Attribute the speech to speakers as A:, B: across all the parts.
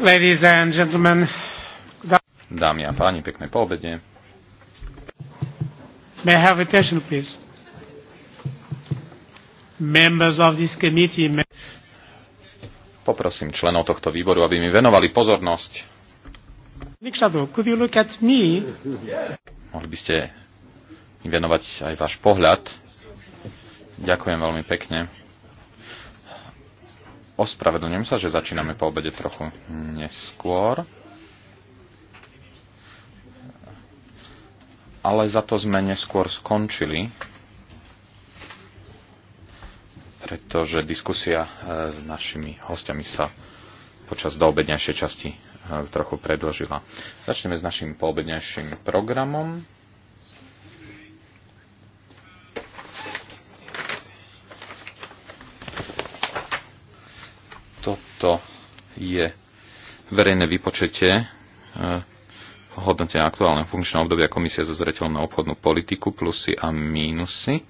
A: Ladies and gentlemen.
B: Dámy a páni, pekné poobede.
A: May I have attention, please? Members of this committee. May...
B: Poprosím členov tohto výboru, aby mi venovali pozornosť.
A: Nick Shadow, could you look at me?
B: Mohli by ste mi venovať aj váš pohľad. Ďakujem veľmi pekne. Ospravedlňujem sa, že začíname po obede trochu neskôr. Ale za to sme neskôr skončili, pretože diskusia e, s našimi hostiami sa počas doobednejšej časti e, trochu predlžila. Začneme s našim poobednejším programom. to je verejné vypočetie hodnote aktuálne funkčného obdobia komisie so zreteľom na obchodnú politiku, plusy a mínusy. E,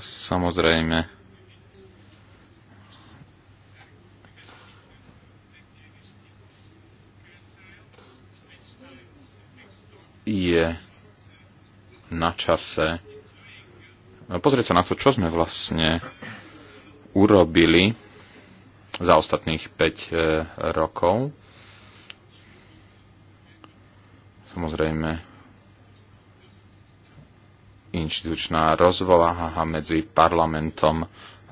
B: samozrejme, je na čase pozrieť sa na to, čo sme vlastne urobili za ostatných 5 e, rokov. Samozrejme, inštitučná rozvoláha medzi parlamentom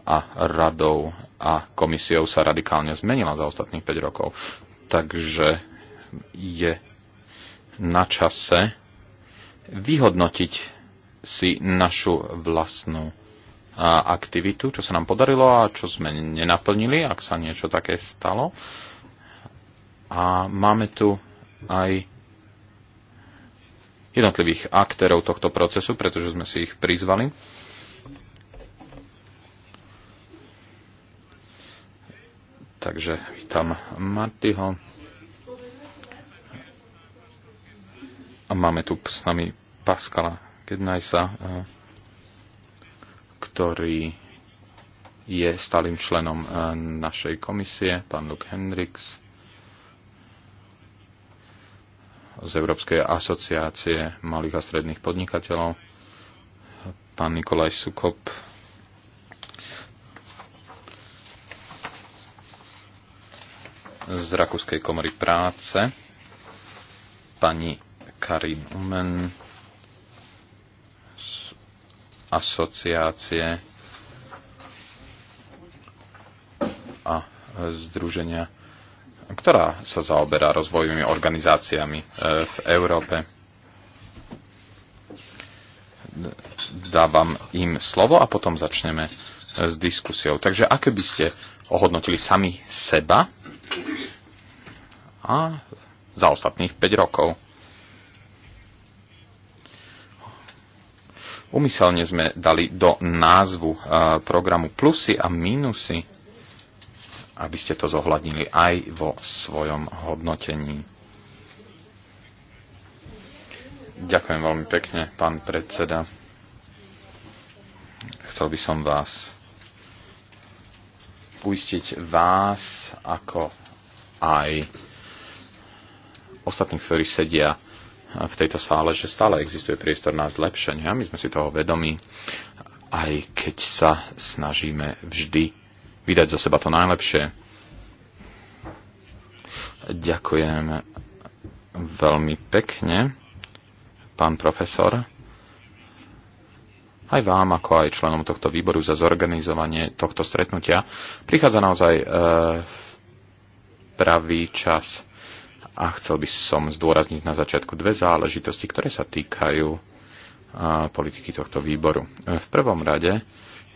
B: a radou a komisiou sa radikálne zmenila za ostatných 5 rokov. Takže je na čase vyhodnotiť si našu vlastnú aktivitu, čo sa nám podarilo a čo sme nenaplnili, ak sa niečo také stalo. A máme tu aj jednotlivých aktérov tohto procesu, pretože sme si ich prizvali. Takže vítam Martyho. A máme tu s nami Paskala Kednajsa, eh, ktorý je stálym členom eh, našej komisie, pán Luke Hendricks z Európskej asociácie malých a stredných podnikateľov, pán Nikolaj Sukop z Rakúskej komory práce, pani Karin Umen, asociácie a združenia, ktorá sa zaoberá rozvojovými organizáciami e, v Európe. Dávam im slovo a potom začneme e, s diskusiou. Takže aké by ste ohodnotili sami seba a za ostatných 5 rokov? Umyselne sme dali do názvu eh, programu plusy a mínusy, aby ste to zohľadnili aj vo svojom hodnotení. Ďakujem veľmi pekne, pán predseda. Chcel by som vás uistiť vás, ako aj ostatných, ktorí sedia v tejto sále, že stále existuje priestor na zlepšenie a My sme si toho vedomí, aj keď sa snažíme vždy vydať zo seba to najlepšie. Ďakujem veľmi pekne, pán profesor, aj vám, ako aj členom tohto výboru za zorganizovanie tohto stretnutia. Prichádza naozaj e, pravý čas. A chcel by som zdôrazniť na začiatku dve záležitosti, ktoré sa týkajú politiky tohto výboru. V prvom rade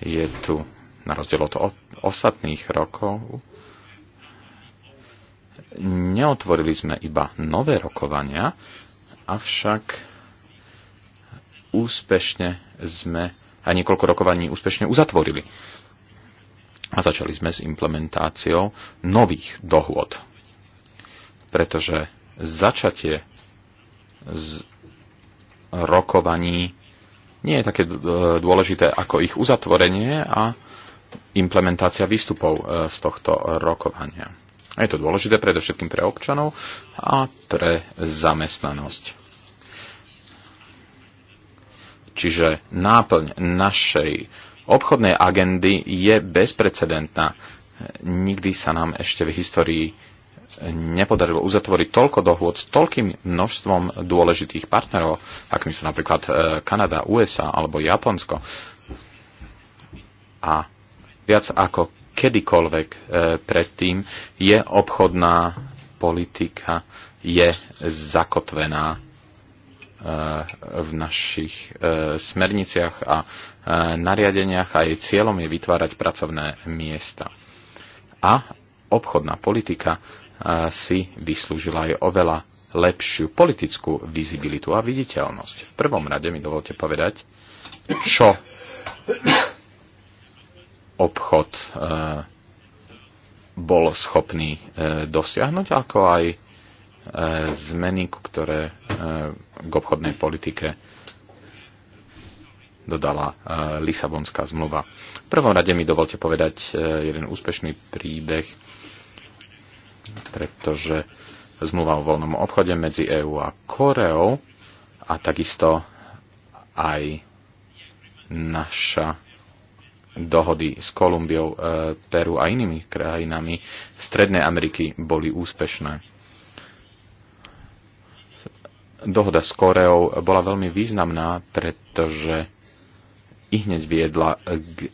B: je tu, na rozdiel od ostatných rokov, neotvorili sme iba nové rokovania, avšak úspešne sme a niekoľko rokovaní úspešne uzatvorili. A začali sme s implementáciou nových dohôd pretože začatie z rokovaní nie je také dôležité ako ich uzatvorenie a implementácia výstupov e, z tohto rokovania. je to dôležité predovšetkým pre občanov a pre zamestnanosť. Čiže náplň našej obchodnej agendy je bezprecedentná. Nikdy sa nám ešte v histórii nepodarilo uzatvoriť toľko dohôd s toľkým množstvom dôležitých partnerov, akými sú napríklad e, Kanada, USA alebo Japonsko. A viac ako kedykoľvek e, predtým je obchodná politika je zakotvená e, v našich smerniciach a nariadeniach a jej cieľom je vytvárať pracovné miesta. A obchodná politika si vyslúžila aj oveľa lepšiu politickú vizibilitu a viditeľnosť. V prvom rade mi dovolte povedať, čo obchod e, bol schopný e, dosiahnuť, ako aj e, zmeny, ktoré k obchodnej politike dodala Lisabonská zmluva. V prvom rade mi dovolte povedať jeden úspešný príbeh pretože zmluva o voľnom obchode medzi EÚ a Koreou a takisto aj naša dohody s Kolumbiou, e, Peru a inými krajinami Strednej Ameriky boli úspešné. Dohoda s Koreou bola veľmi významná, pretože i hneď viedla k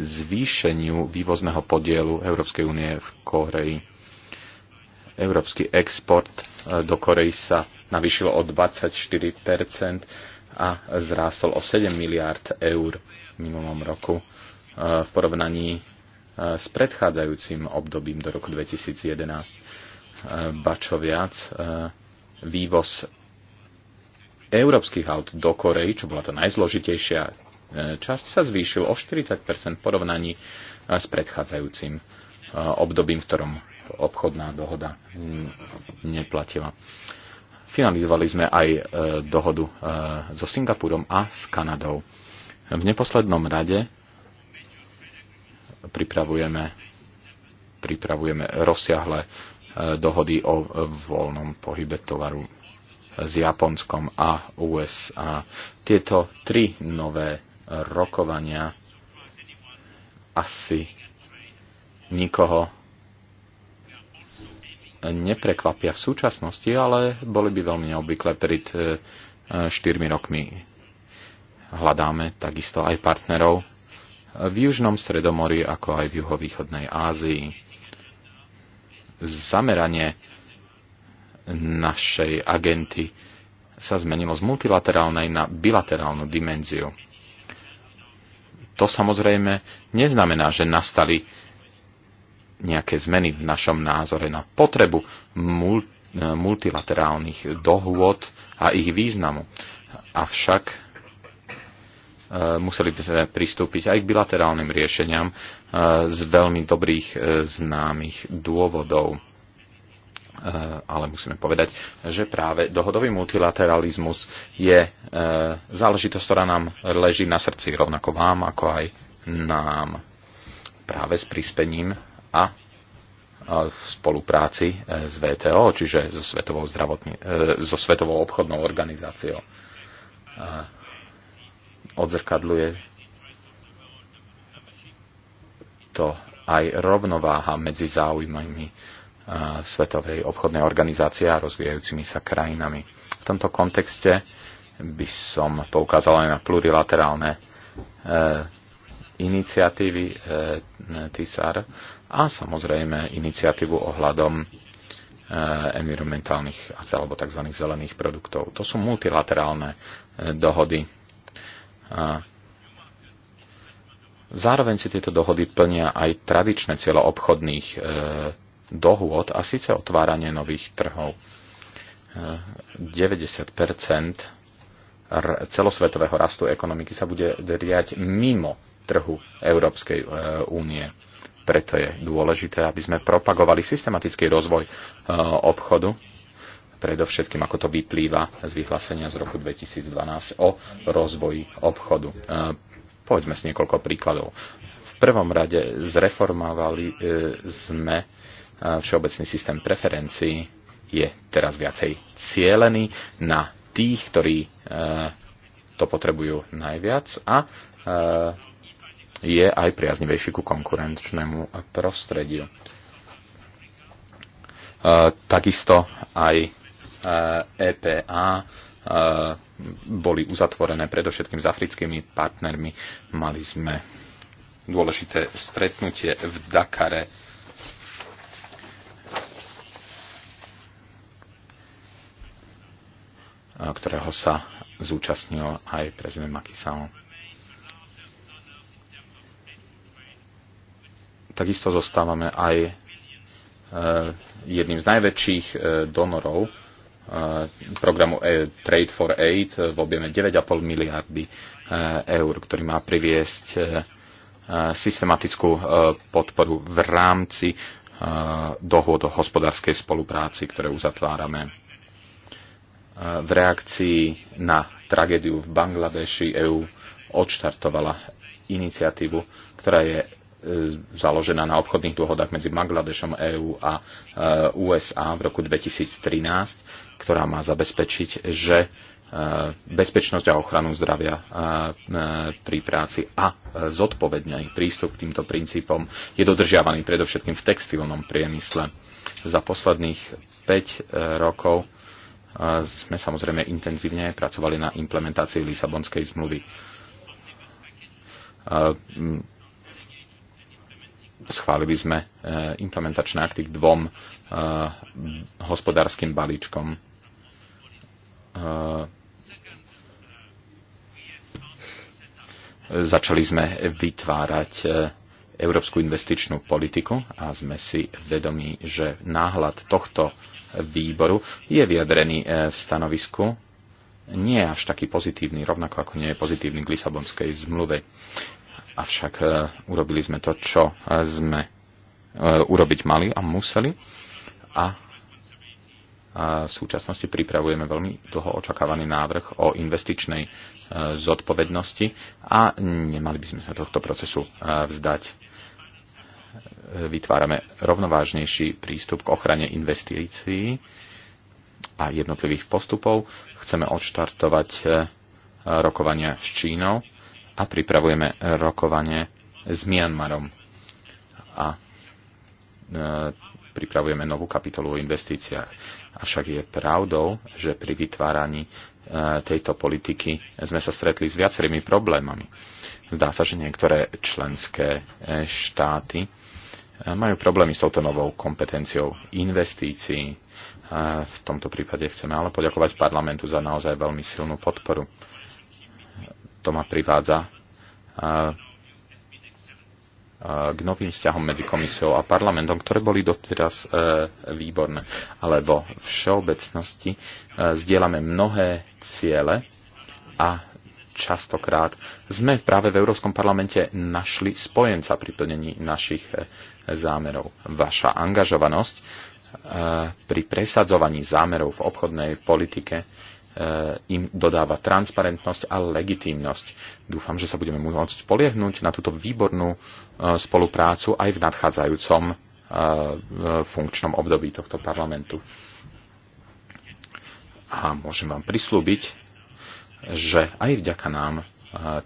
B: zvýšeniu vývozného podielu Európskej únie v Koreji Európsky export e, do Korei sa navýšil o 24 a zrástol o 7 miliárd eur v minulom roku e, v porovnaní e, s predchádzajúcim obdobím do roku 2011. Ba čo viac, vývoz európskych aut do Korei, čo bola tá najzložitejšia časť, sa zvýšil o 40 v porovnaní s predchádzajúcim obdobím, v ktorom obchodná dohoda neplatila. Finalizovali sme aj e, dohodu e, so Singapurom a s Kanadou. V neposlednom rade pripravujeme, pripravujeme rozsiahle e, dohody o voľnom pohybe tovaru s Japonskom a USA. Tieto tri nové rokovania asi nikoho neprekvapia v súčasnosti, ale boli by veľmi neobvyklé pred e, štyrmi rokmi. Hľadáme takisto aj partnerov v južnom Stredomori, ako aj v juhovýchodnej Ázii. Zameranie našej agenty sa zmenilo z multilaterálnej na bilaterálnu dimenziu. To samozrejme neznamená, že nastali nejaké zmeny v našom názore na potrebu multilaterálnych dohôd a ich významu. Avšak e, museli by sme pristúpiť aj k bilaterálnym riešeniam e, z veľmi dobrých e, známych dôvodov. Ale musíme povedať, že práve dohodový multilateralizmus je záležitosť, ktorá nám leží na srdci, rovnako vám, ako aj nám práve s prispením a v spolupráci e, s VTO, čiže so Svetovou, zdravotní, e, so Svetovou obchodnou organizáciou. E, odzrkadluje to aj rovnováha medzi záujmami Svetovej obchodnej organizácie a rozvíjajúcimi sa krajinami. V tomto kontexte by som poukázal aj na plurilaterálne iniciatívy TISAR, a samozrejme iniciatívu ohľadom e, environmentálnych alebo tzv. zelených produktov. To sú multilaterálne e, dohody. Zároveň si tieto dohody plnia aj tradičné cieľo obchodných e, dohôd a síce otváranie nových trhov. 90 celosvetového rastu ekonomiky sa bude riať mimo trhu Európskej únie. E, preto je dôležité, aby sme propagovali systematický rozvoj e, obchodu, predovšetkým ako to vyplýva z vyhlásenia z roku 2012 o rozvoji obchodu. E, povedzme si niekoľko príkladov. V prvom rade zreformovali e, sme všeobecný systém preferencií, je teraz viacej cielený na tých, ktorí to potrebujú najviac a je aj priaznivejší ku konkurenčnému prostrediu. E, takisto aj EPA e e, boli uzatvorené predovšetkým s africkými partnermi. Mali sme dôležité stretnutie v Dakare. ktorého sa zúčastnil aj prezident Makisao. Takisto zostávame aj e, jedným z najväčších e, donorov e, programu Trade for Aid v objeme 9,5 miliardy eur, ktorý má priviesť systematickú podporu v rámci dohôd o hospodárskej spolupráci, ktoré uzatvárame. V reakcii na tragédiu v Bangladeši EU odštartovala iniciatívu, ktorá je E, založená na obchodných dohodách medzi Bangladešom, EÚ a e, USA v roku 2013, ktorá má zabezpečiť, že e, bezpečnosť a ochranu zdravia pri práci a zodpovedný prístup k týmto princípom je dodržiavaný predovšetkým v textilnom priemysle. Za posledných 5 rokov sme samozrejme intenzívne pracovali na implementácii Lisabonskej zmluvy schválili sme e, implementačné akty k dvom e, hospodárskym balíčkom. E, začali sme vytvárať európsku investičnú politiku a sme si vedomí, že náhľad tohto výboru je vyjadrený v stanovisku nie až taký pozitívny, rovnako ako nie je pozitívny k Lisabonskej zmluve. Avšak e, urobili sme to, čo e, sme e, urobiť mali a museli. A v súčasnosti pripravujeme veľmi dlho očakávaný návrh o investičnej zodpovednosti a nemali by sme sa tohto procesu vzdať. Vytvárame rovnovážnejší prístup k ochrane investícií a jednotlivých postupov. Chceme odštartovať rokovania s Čínou a pripravujeme rokovanie s Myanmarom. A e, pripravujeme novú kapitolu o investíciách. Avšak je pravdou, že pri vytváraní e, tejto politiky sme sa stretli s viacerými problémami. Zdá sa, že niektoré členské e, štáty majú problémy s touto novou kompetenciou investícií. V tomto prípade chceme ale poďakovať parlamentu za naozaj veľmi silnú podporu to ma privádza k novým vzťahom medzi komisiou a parlamentom, ktoré boli doteraz e, výborné. Ale vo všeobecnosti e, zdieľame mnohé ciele a častokrát sme práve v Európskom parlamente našli spojenca pri plnení našich e, zámerov. Vaša angažovanosť pri presadzovaní zámerov v obchodnej politike E, im dodáva transparentnosť a legitímnosť. Dúfam, že sa budeme môcť poliehnúť na túto výbornú e, spoluprácu aj v nadchádzajúcom e, funkčnom období tohto parlamentu. A môžem vám prislúbiť, že aj vďaka nám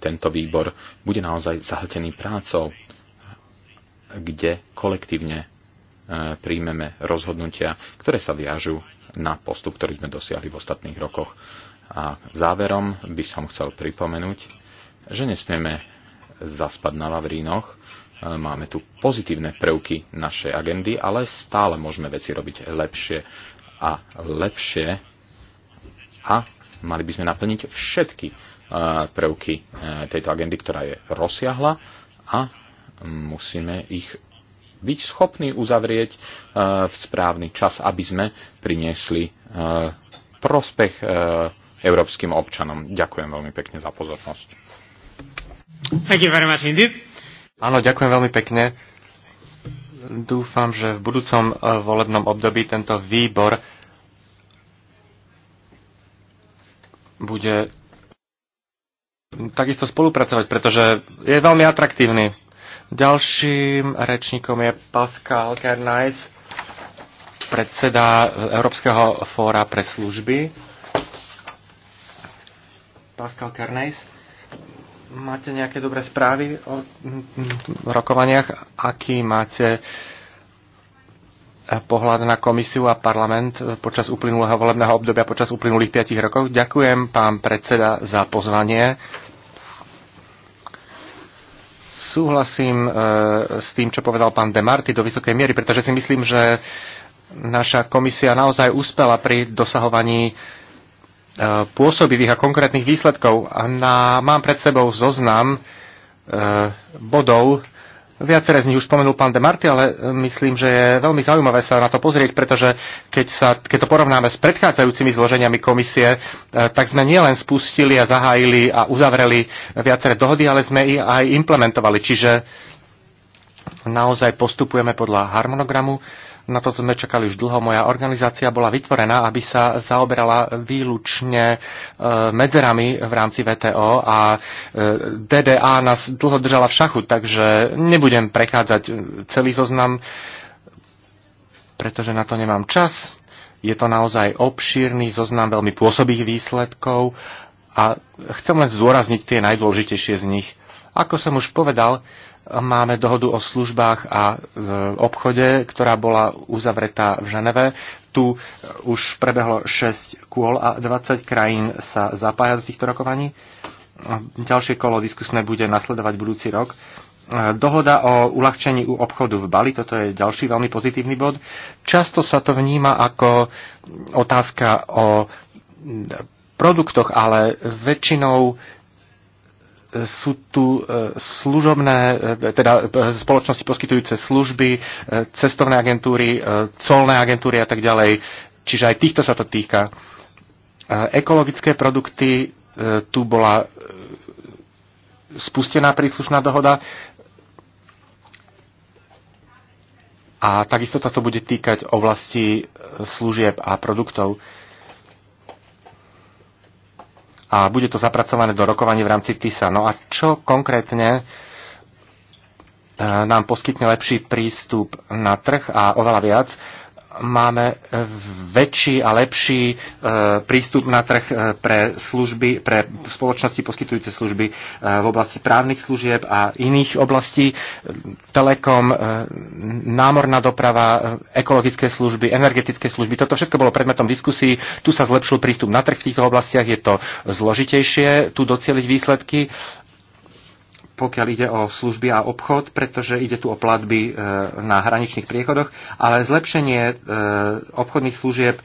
B: tento výbor bude naozaj zahltený prácou, kde kolektívne príjmeme rozhodnutia, ktoré sa viažú na postup, ktorý sme dosiahli v ostatných rokoch. A záverom by som chcel pripomenúť, že nesmieme zaspať na lavrínoch. E, máme tu pozitívne prvky našej agendy, ale stále môžeme veci robiť lepšie a lepšie a mali by sme naplniť všetky e, prvky e, tejto agendy, ktorá je rozsiahla a musíme ich byť schopní uzavrieť e, v správny čas, aby sme priniesli e, prospech e, európskym občanom. Ďakujem veľmi pekne za pozornosť.
A: Áno, ďakujem veľmi pekne. Dúfam, že v budúcom volebnom období tento výbor bude takisto spolupracovať, pretože je veľmi atraktívny. Ďalším rečníkom je Pascal Kernais, predseda Európskeho fóra pre služby. Pascal Gernais, máte nejaké dobré správy o rokovaniach? Aký máte pohľad na komisiu a parlament počas uplynulého volebného obdobia, počas uplynulých 5 rokov. Ďakujem, pán predseda, za pozvanie súhlasím e, s tým, čo povedal pán Demarty do vysokej miery, pretože si myslím, že naša komisia naozaj uspela pri dosahovaní e, pôsobivých a konkrétnych výsledkov. A na, mám pred sebou zoznam e, bodov, Viaceré z nich už spomenul pán Demarty, ale e, myslím, že je veľmi zaujímavé sa na to pozrieť, pretože keď, sa, keď to porovnáme s predchádzajúcimi zloženiami komisie, e, tak sme nielen spustili a zahájili a uzavreli viaceré dohody, ale sme ich aj implementovali. Čiže naozaj postupujeme podľa harmonogramu na to sme čakali už dlho. Moja organizácia bola vytvorená, aby sa zaoberala výlučne e, medzerami v rámci VTO a e, DDA nás dlho držala v šachu, takže nebudem prechádzať e, celý zoznam, pretože na to nemám čas. Je to naozaj obšírny zoznam veľmi pôsobých výsledkov a chcem len zdôrazniť tie najdôležitejšie z nich. Ako som už povedal, Máme dohodu o službách a e, obchode, ktorá bola uzavretá v Ženeve. Tu e, už prebehlo 6 kôl a 20 krajín sa zapája do týchto rokovaní. Ďalšie kolo diskusné bude nasledovať budúci rok. E, dohoda o uľahčení u obchodu v Bali, toto je ďalší veľmi pozitívny bod. Často sa to vníma ako otázka o produktoch, ale väčšinou sú tu e, služobné, e, teda e, spoločnosti poskytujúce služby, cestovné agentúry, colné agentúry a tak ďalej. Čiže aj týchto sa to týka. Ekologické produkty, tu bola spustená príslušná dohoda a takisto sa to bude týkať oblasti služieb a produktov a bude to zapracované do rokovaní v rámci TISA. No a čo konkrétne e, nám poskytne lepší prístup na trh a oveľa viac máme e, väčší a lepší e, prístup na trh e, pre služby, pre spoločnosti poskytujúce služby v oblasti právnych služieb a iných oblastí, telekom, námorná doprava, ekologické služby, energetické služby. Toto všetko bolo predmetom diskusí. Tu sa zlepšil prístup na trh v týchto oblastiach, je to zložitejšie tu docieliť výsledky pokiaľ ide o služby a obchod, pretože ide tu o platby e, na hraničných priechodoch, ale zlepšenie e, obchodných služieb e,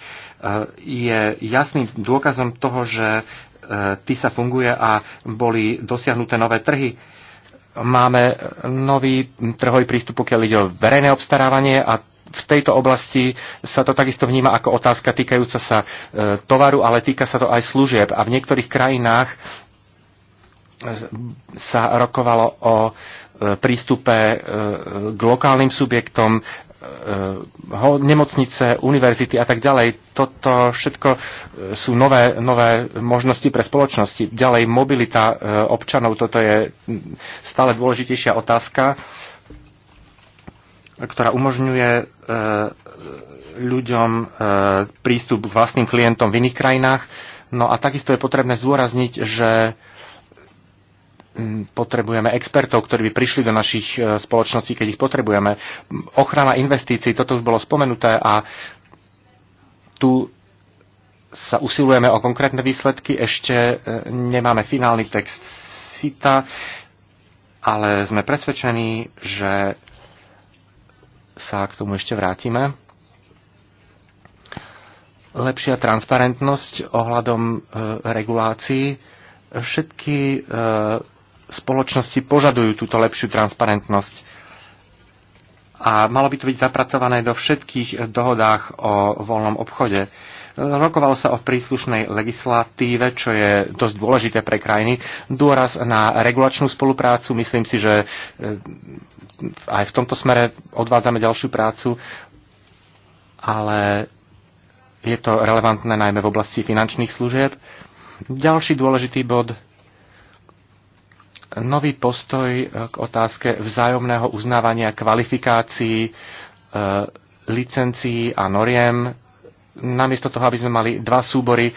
A: je jasným dôkazom toho, že TISA funguje a boli dosiahnuté nové trhy. Máme nový trhový prístup, pokiaľ ide o verejné obstarávanie a v tejto oblasti sa to takisto vníma ako otázka týkajúca sa tovaru, ale týka sa to aj služieb. A v niektorých krajinách sa rokovalo o e, prístupe e, k lokálnym subjektom, e, nemocnice, univerzity a tak ďalej. Toto všetko sú nové, nové možnosti pre spoločnosti. Ďalej mobilita občanov, toto je stále dôležitejšia otázka, ktorá umožňuje ľuďom prístup k vlastným klientom v iných krajinách. No a takisto je potrebné zdôrazniť, že potrebujeme expertov, ktorí by prišli do našich e, spoločností, keď ich potrebujeme. Ochrana investícií, toto už bolo spomenuté a tu sa usilujeme o konkrétne výsledky. Ešte e, nemáme finálny text SITA, ale sme presvedčení, že sa k tomu ešte vrátime. Lepšia transparentnosť ohľadom e, regulácií. Všetky spoločnosti požadujú túto lepšiu transparentnosť. A malo by to byť zapracované do všetkých dohodách o voľnom obchode. Rokovalo sa o príslušnej legislatíve, čo je dosť dôležité pre krajiny. Dôraz na regulačnú spoluprácu. Myslím si, že eh, aj v tomto smere odvádzame ďalšiu prácu, ale je to relevantné najmä v oblasti finančných služieb. Ďalší dôležitý bod nový postoj e, k otázke vzájomného uznávania kvalifikácií, e, licencií a noriem, namiesto toho, aby sme mali dva súbory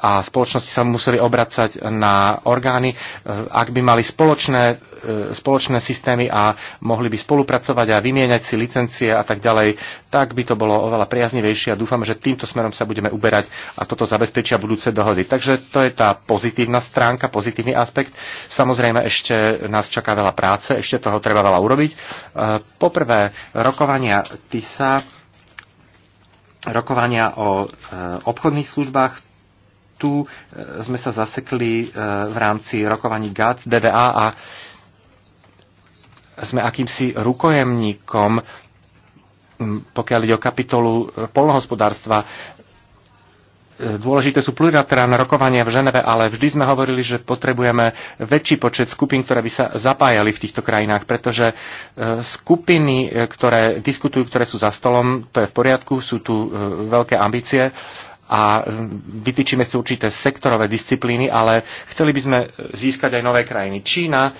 A: a spoločnosti sa museli obracať na orgány, e, ak by mali spoločné, e, spoločné systémy a mohli by spolupracovať a vymieňať si licencie a tak ďalej, tak by to bolo oveľa priaznivejšie a dúfam, že týmto smerom sa budeme uberať a toto zabezpečia budúce dohody. Takže to je tá pozitívna stránka, pozitívny aspekt. Samozrejme, ešte nás čaká veľa práce, ešte toho treba veľa urobiť. E, poprvé, rokovania TISA rokovania o obchodných službách tu e, sme sa zasekli e, v rámci rokovaní GATS, DDA a sme akýmsi rukojemníkom, pokiaľ ide o kapitolu e, polnohospodárstva. Dôležité sú plurilaterálne rokovania v Ženeve, ale vždy sme hovorili, že potrebujeme väčší počet skupín, ktoré by sa zapájali v týchto krajinách, pretože skupiny, ktoré diskutujú, ktoré sú za stolom, to je v poriadku, sú tu veľké ambície, a e, vytýčime si určité sektorové disciplíny, ale chceli by sme získať aj nové krajiny. Čína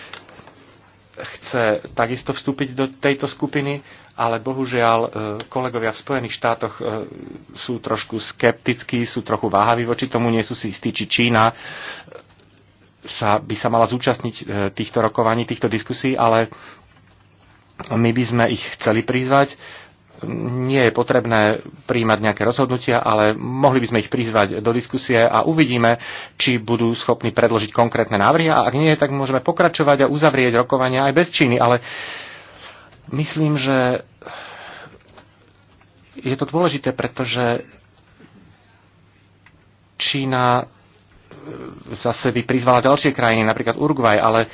A: chce takisto vstúpiť do tejto skupiny, ale bohužiaľ e, kolegovia v Spojených štátoch e, sú trošku skeptickí, sú trochu váhaví voči tomu, nie sú si istí, či Čína sa, by sa mala zúčastniť týchto rokovaní, týchto diskusí, ale my by sme ich chceli prizvať nie je potrebné príjmať nejaké rozhodnutia, ale mohli by sme ich prizvať do diskusie a uvidíme, či budú schopní predložiť konkrétne návrhy a ak nie, tak môžeme pokračovať a uzavrieť rokovania aj bez Číny. ale myslím, že je to dôležité, pretože Čína e, zase by prizvala ďalšie krajiny, napríklad Uruguay, ale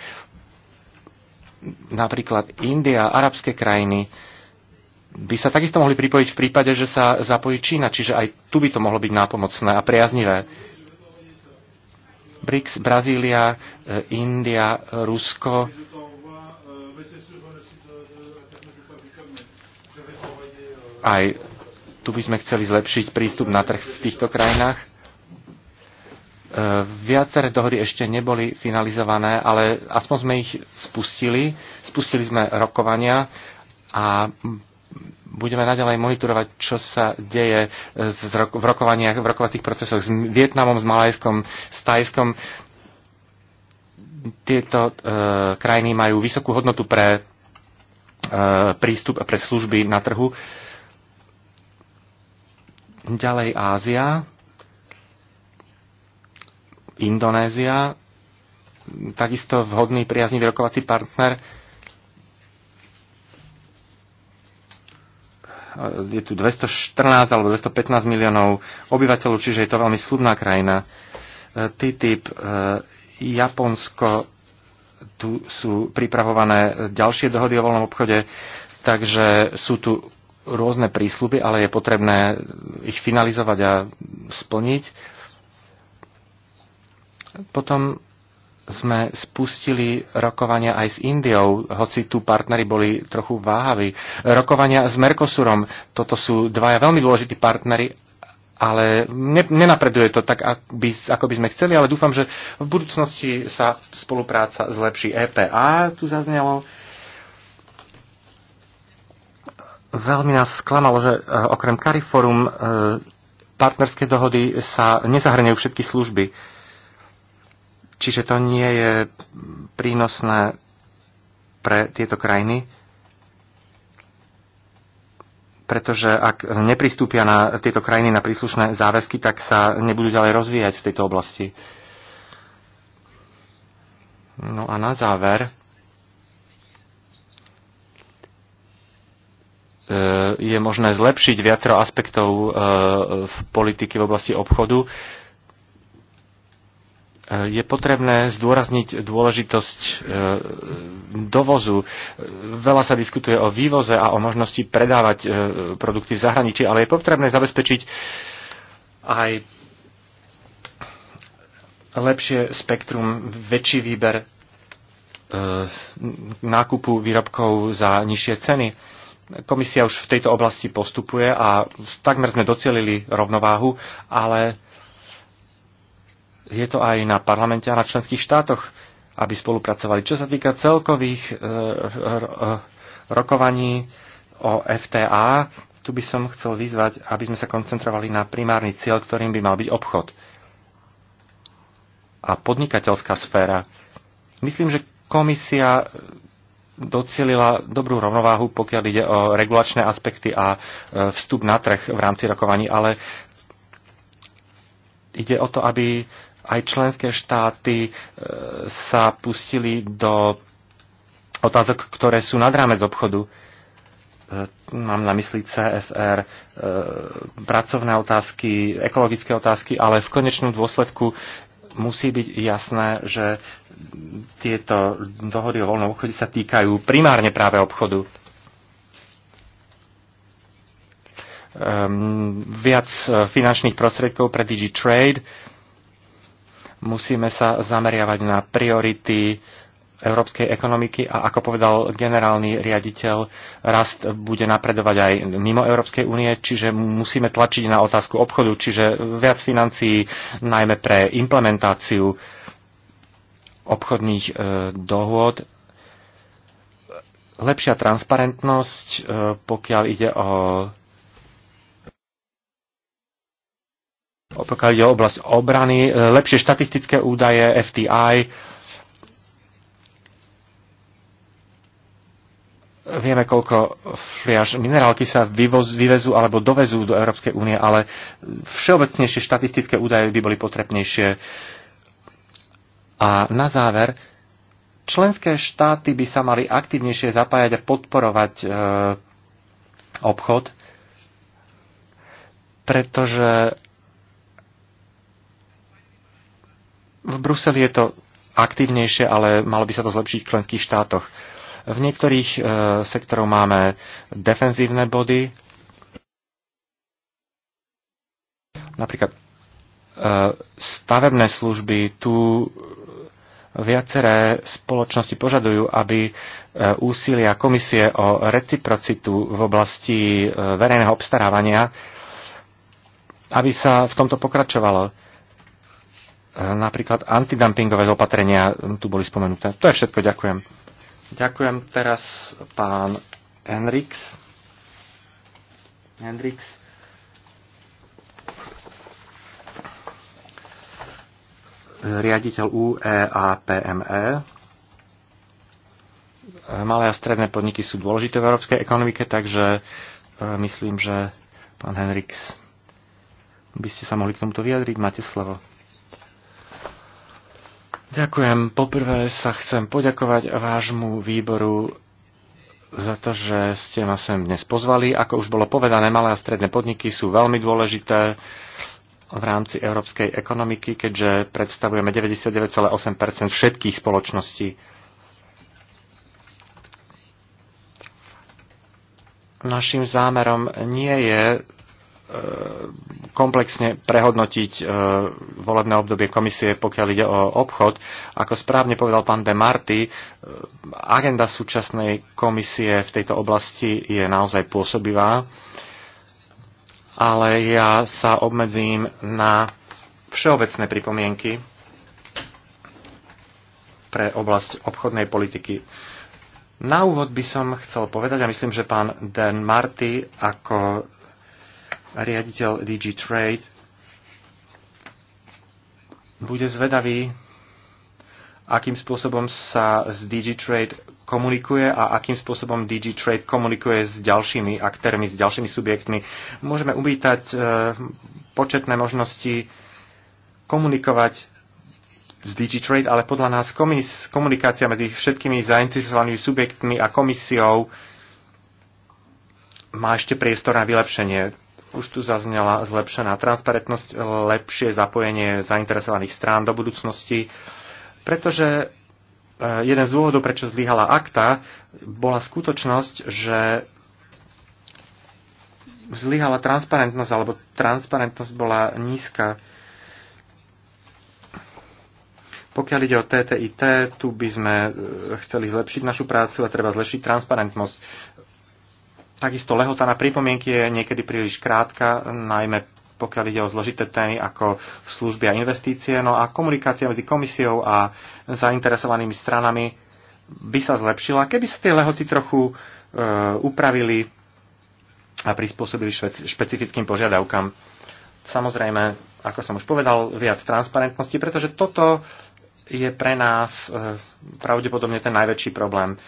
A: napríklad India, arabské krajiny, by sa takisto mohli pripojiť v prípade, že sa zapojí Čína, čiže aj tu by to mohlo byť nápomocné a priaznivé. BRICS, Brazília, e, India, Rusko. Aj tu by sme chceli zlepšiť prístup na trh v týchto krajinách. E, viaceré dohody ešte neboli finalizované, ale aspoň sme ich spustili. Spustili sme rokovania a budeme naďalej monitorovať, čo sa deje v rokovaniach, v rokovacích procesoch s Vietnamom, s Malajskom, s Tajskom. Tieto e, krajiny majú vysokú hodnotu pre e, prístup a pre služby na trhu. Ďalej Ázia, Indonézia, takisto vhodný priaznivý rokovací partner. E, je tu 214 alebo 215 miliónov obyvateľov, čiže je to veľmi slubná krajina. E, TTIP, e, Japonsko, tu sú pripravované ďalšie dohody o voľnom obchode, takže sú tu rôzne prísľuby, ale je potrebné ich finalizovať a splniť. Potom sme spustili rokovania aj s Indiou, hoci tu partnery boli trochu váhaví. Rokovania s Mercosurom, toto sú dvaja veľmi dôležití partnery, ale ne, nenapreduje to tak, ako by sme chceli, ale dúfam, že v budúcnosti sa spolupráca zlepší. EPA tu zaznelo. Veľmi nás sklamalo, že e, okrem Cariforum e, partnerské dohody sa nezahrňujú všetky služby Čiže to nie je prínosné pre tieto krajiny, pretože ak nepristúpia na tieto krajiny na príslušné záväzky, tak sa nebudú ďalej rozvíjať v tejto oblasti. No a na záver e, je možné zlepšiť viacero aspektov e, v politiky v oblasti obchodu je potrebné zdôrazniť dôležitosť e, dovozu. Veľa sa diskutuje o vývoze a o možnosti predávať e, produkty v zahraničí, ale je potrebné zabezpečiť aj lepšie spektrum, väčší výber e, nákupu výrobkov za nižšie ceny. Komisia už v tejto oblasti postupuje a takmer sme docelili rovnováhu, ale je to aj na parlamente a na členských štátoch, aby spolupracovali. Čo sa týka celkových e, e, rokovaní o FTA, tu by som chcel vyzvať, aby sme sa koncentrovali na primárny cieľ, ktorým by mal byť obchod. A podnikateľská sféra. Myslím, že komisia docielila dobrú rovnováhu, pokiaľ ide o regulačné aspekty a e, vstup na trh v rámci rokovaní, ale ide o to, aby aj členské štáty e, sa pustili do otázok, ktoré sú nad rámec obchodu. E, mám na mysli CSR, e, pracovné otázky, ekologické otázky, ale v konečnom dôsledku musí byť jasné, že tieto dohody o voľnom obchode sa týkajú primárne práve obchodu. Um, viac finančných prostriedkov pre DigiTrade, Trade Musíme sa zameriavať na priority európskej ekonomiky a ako povedal generálny riaditeľ, rast bude napredovať aj mimo Európskej únie, čiže musíme tlačiť na otázku obchodu, čiže viac financií najmä pre implementáciu obchodných e, dohôd, lepšia transparentnosť, e, pokiaľ ide o pokiaľ ide o oblasť obrany, e, lepšie štatistické údaje, FTI. Vieme, koľko fliaž minerálky sa vyvezú alebo dovezú do Európskej únie, ale všeobecnejšie štatistické údaje by boli potrebnejšie. A na záver, členské štáty by sa mali aktívnejšie zapájať a podporovať e, obchod, pretože V Bruseli je to aktívnejšie, ale malo by sa to zlepšiť v členských štátoch. V niektorých e, sektorov máme defenzívne body, napríklad e, stavebné služby, tu viaceré spoločnosti požadujú, aby e, úsilia komisie o reciprocitu v oblasti e, verejného obstarávania, aby sa v tomto pokračovalo napríklad antidumpingové opatrenia tu boli spomenuté. To je všetko, ďakujem. Ďakujem teraz pán Henrix. Henrix. Riaditeľ UEAPME. E. Malé a stredné podniky sú dôležité v európskej ekonomike, takže e, myslím, že pán Henrix by ste sa mohli k tomuto vyjadriť. Máte slovo. Ďakujem. Poprvé sa chcem poďakovať vášmu výboru za to, že ste ma sem dnes pozvali. Ako už bolo povedané, malé a stredné podniky sú veľmi dôležité v rámci európskej ekonomiky, keďže predstavujeme 99,8 všetkých spoločností. Našim zámerom nie je E, komplexne prehodnotiť e, volebné obdobie komisie, pokiaľ ide o obchod. Ako správne povedal pán De Marty, e, agenda súčasnej komisie v tejto oblasti je naozaj pôsobivá, ale ja sa obmedzím na všeobecné pripomienky pre oblasť obchodnej politiky. Na úvod by som chcel povedať, a myslím, že pán Den Marty ako riaditeľ DG Trade bude zvedavý, akým spôsobom sa z DG Trade komunikuje a akým spôsobom DG Trade komunikuje s ďalšími aktérmi, s ďalšími subjektmi. Môžeme uvítať e, početné možnosti komunikovať z DG Trade, ale podľa nás komunikácia medzi všetkými zainteresovanými subjektmi a komisiou má ešte priestor na vylepšenie. Už tu zaznela zlepšená transparentnosť, lepšie zapojenie zainteresovaných strán do budúcnosti, pretože e, jeden z dôvodov, prečo zlyhala akta, bola skutočnosť, že zlyhala transparentnosť, alebo transparentnosť bola nízka. Pokiaľ ide o TTIT, tu by sme e, chceli zlepšiť našu prácu a treba zlepšiť transparentnosť. Takisto lehota na pripomienky je niekedy príliš krátka, najmä pokiaľ ide o zložité témy ako služby a investície. No a komunikácia medzi komisiou a zainteresovanými stranami by sa zlepšila, keby sa tie lehoty trochu e, upravili a prispôsobili špecifickým požiadavkám. Samozrejme, ako som už povedal, viac transparentnosti, pretože toto je pre nás e, pravdepodobne ten najväčší problém.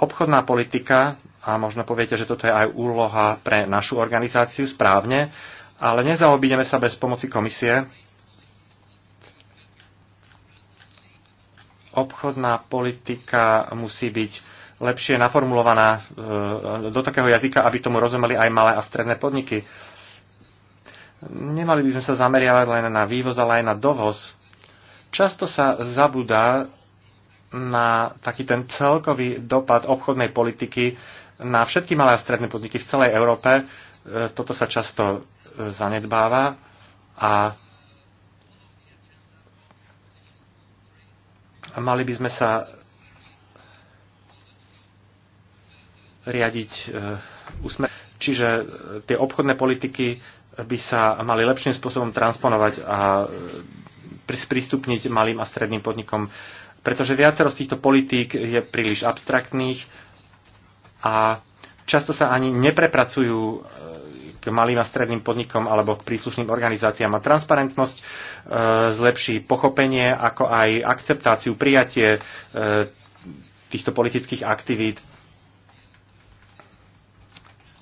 A: Obchodná politika a možno poviete, že toto je aj úloha pre našu organizáciu správne, ale nezaobídeme sa bez pomoci komisie. Obchodná politika musí byť lepšie naformulovaná e, do takého jazyka, aby tomu rozumeli aj malé a stredné podniky. Nemali by sme sa zameriavať len na vývoz, ale aj na dovoz. Často sa zabúda na taký ten celkový dopad obchodnej politiky na všetky malé a stredné podniky v celej Európe. E, toto sa často e, zanedbáva a mali by sme sa riadiť e, úsmer. Čiže tie obchodné politiky by sa mali lepším spôsobom transponovať a sprístupniť malým a stredným podnikom, pretože viacero z týchto politík je príliš abstraktných a často sa ani neprepracujú e, k malým a stredným podnikom alebo k príslušným organizáciám. A transparentnosť e, zlepší pochopenie, ako aj akceptáciu, prijatie e, týchto politických aktivít.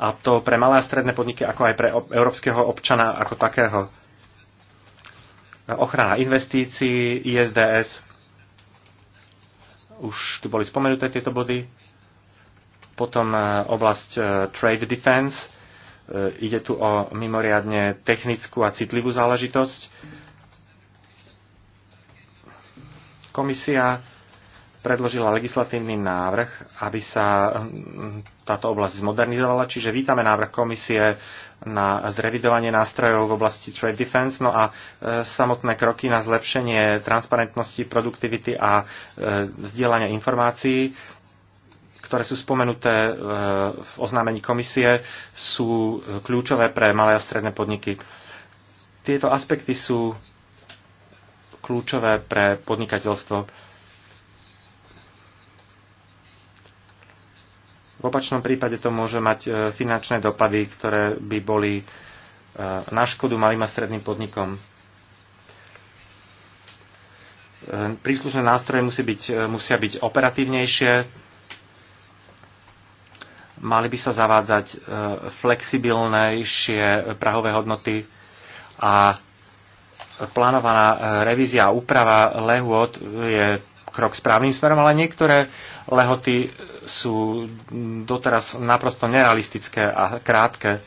A: A to pre malé a stredné podniky, ako aj pre európskeho občana ako takého. Ochrana investícií, ISDS. Už tu boli spomenuté tieto body potom e, oblasť e, trade defense. E, ide tu o mimoriadne technickú a citlivú záležitosť. Komisia predložila legislatívny návrh, aby sa táto oblasť zmodernizovala, čiže vítame návrh komisie na zrevidovanie nástrojov v oblasti trade defense, no a samotné kroky na zlepšenie transparentnosti, produktivity a e, vzdielania informácií ktoré sú spomenuté e, v oznámení komisie, sú e, kľúčové pre malé a stredné podniky. Tieto aspekty sú kľúčové pre podnikateľstvo. V opačnom prípade to môže mať e, finančné dopady, ktoré by boli na škodu malým a stredným podnikom. Príslušné nástroje musí byť, musia byť operatívnejšie, Mali by sa zavádzať e, flexibilnejšie prahové hodnoty a plánovaná e, revízia a úprava lehôd je krok správnym smerom, ale niektoré lehoty sú doteraz naprosto nerealistické a krátke.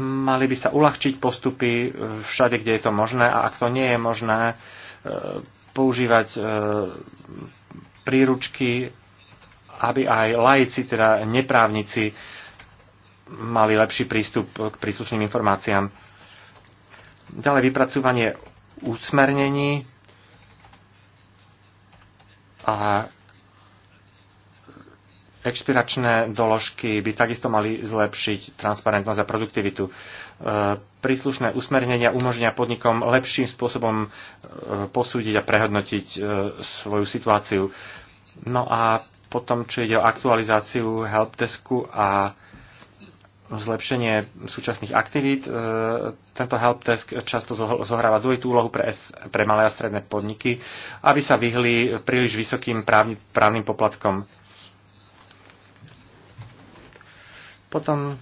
A: Mali by sa uľahčiť postupy všade, kde je to možné a ak to nie je možné, e, používať príručky, aby aj laici, teda neprávnici, mali lepší prístup k príslušným informáciám. Ďalej vypracovanie usmernení a Expiračné doložky by takisto mali zlepšiť transparentnosť a produktivitu. E, príslušné usmernenia umožnia podnikom lepším spôsobom e, posúdiť a prehodnotiť e, svoju situáciu. No a potom, čo ide o aktualizáciu helpdesku a zlepšenie súčasných aktivít. Tento helpdesk často zohráva dvojitú úlohu pre, S, pre malé a stredné podniky, aby sa vyhli príliš vysokým právnym poplatkom Potom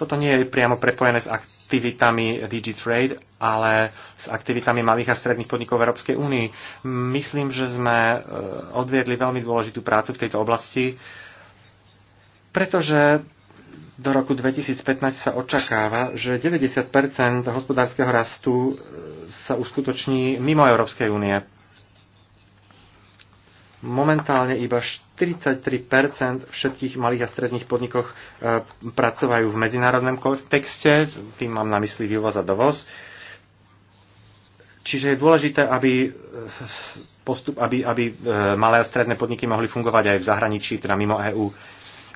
A: toto nie je priamo prepojené s aktivitami DigiTrade, ale s aktivitami malých a stredných podnikov v Európskej únii. Myslím, že sme e, odviedli veľmi dôležitú prácu v tejto oblasti, pretože do roku 2015 sa očakáva, že 90 hospodárskeho rastu e, sa uskutoční mimo Európskej únie. Momentálne iba 43 všetkých malých a stredných podnikoch e, pracovajú v medzinárodnom kontexte, tým mám na mysli vývoz a dovoz. Čiže je dôležité, aby, e, postup, aby, aby e, malé a stredné podniky mohli fungovať aj v zahraničí, teda mimo EÚ.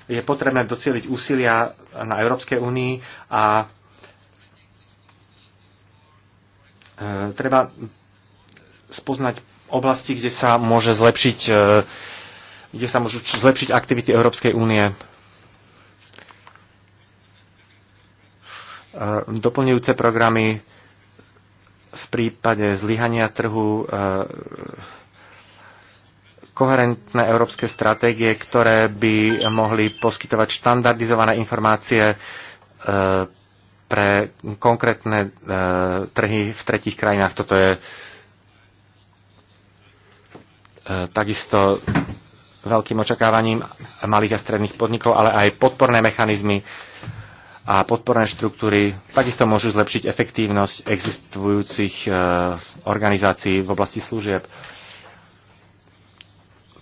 A: Je potrebné docieliť úsilia na Európskej únii a treba spoznať oblasti, kde sa môže zlepšiť, e, kde sa môžu zlepšiť aktivity Európskej únie. E, doplňujúce programy v prípade zlyhania trhu e, koherentné európske stratégie, ktoré by mohli poskytovať štandardizované informácie pre konkrétne trhy v tretich krajinách. Toto je E, takisto veľkým očakávaním malých a stredných podnikov, ale aj podporné mechanizmy a podporné štruktúry takisto môžu zlepšiť efektívnosť existujúcich e, organizácií v oblasti služieb.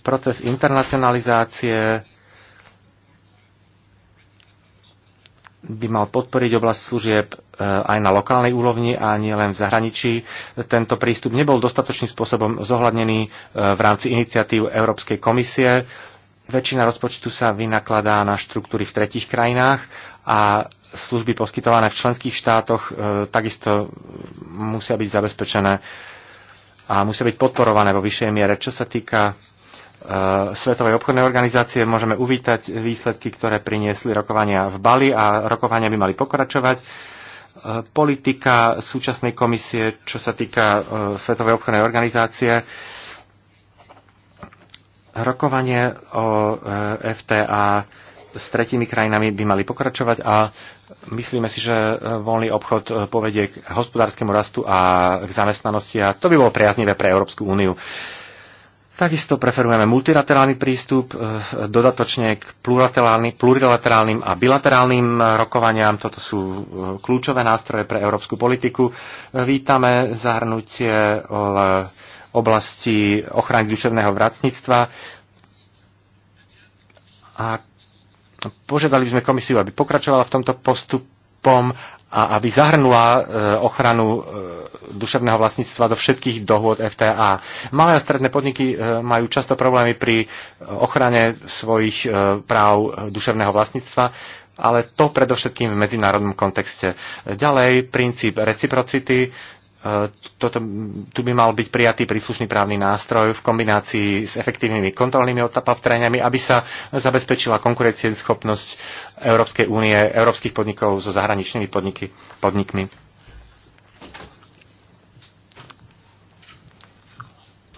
A: Proces internacionalizácie by mal podporiť oblasť služieb e, aj na lokálnej úrovni a nie len v zahraničí. Tento prístup nebol dostatočným spôsobom zohľadnený e, v rámci iniciatív Európskej komisie. Väčšina rozpočtu sa vynakladá na štruktúry v tretich krajinách a služby poskytované v členských štátoch e, takisto musia byť zabezpečené a musia byť podporované vo vyššej miere. Čo sa týka Eh, Svetovej obchodnej organizácie môžeme uvítať výsledky, ktoré priniesli rokovania v Bali a rokovania by mali pokračovať. Eh, Politika súčasnej komisie, čo sa týka eh, Svetovej obchodnej organizácie, rokovanie o FTA s tretími krajinami by mali pokračovať a myslíme si, že voľný obchod povedie k hospodárskému rastu a k zamestnanosti a to by bolo priaznivé pre Európsku úniu. Uh, Takisto preferujeme multilaterálny prístup, eh, dodatočne k plurilaterálnym a bilaterálnym eh, rokovaniam. Toto sú eh, kľúčové nástroje pre európsku politiku. Vítame zahrnutie oblasti ochrany duševného vracníctva a požiadali by sme komisiu, aby pokračovala v tomto postupom a aby zahrnula e, ochranu e, duševného vlastníctva do všetkých dohôd FTA. Malé a stredné podniky e, majú často problémy pri ochrane svojich práv duševného vlastníctva, ale to predovšetkým v medzinárodnom kontexte. Ďalej princíp reciprocity toto, tu by mal byť prijatý príslušný právny nástroj v kombinácii s efektívnymi kontrolnými opatreniami, aby sa zabezpečila konkurencieschopnosť Európskej únie, európskych podnikov so zahraničnými podniky, podnikmi.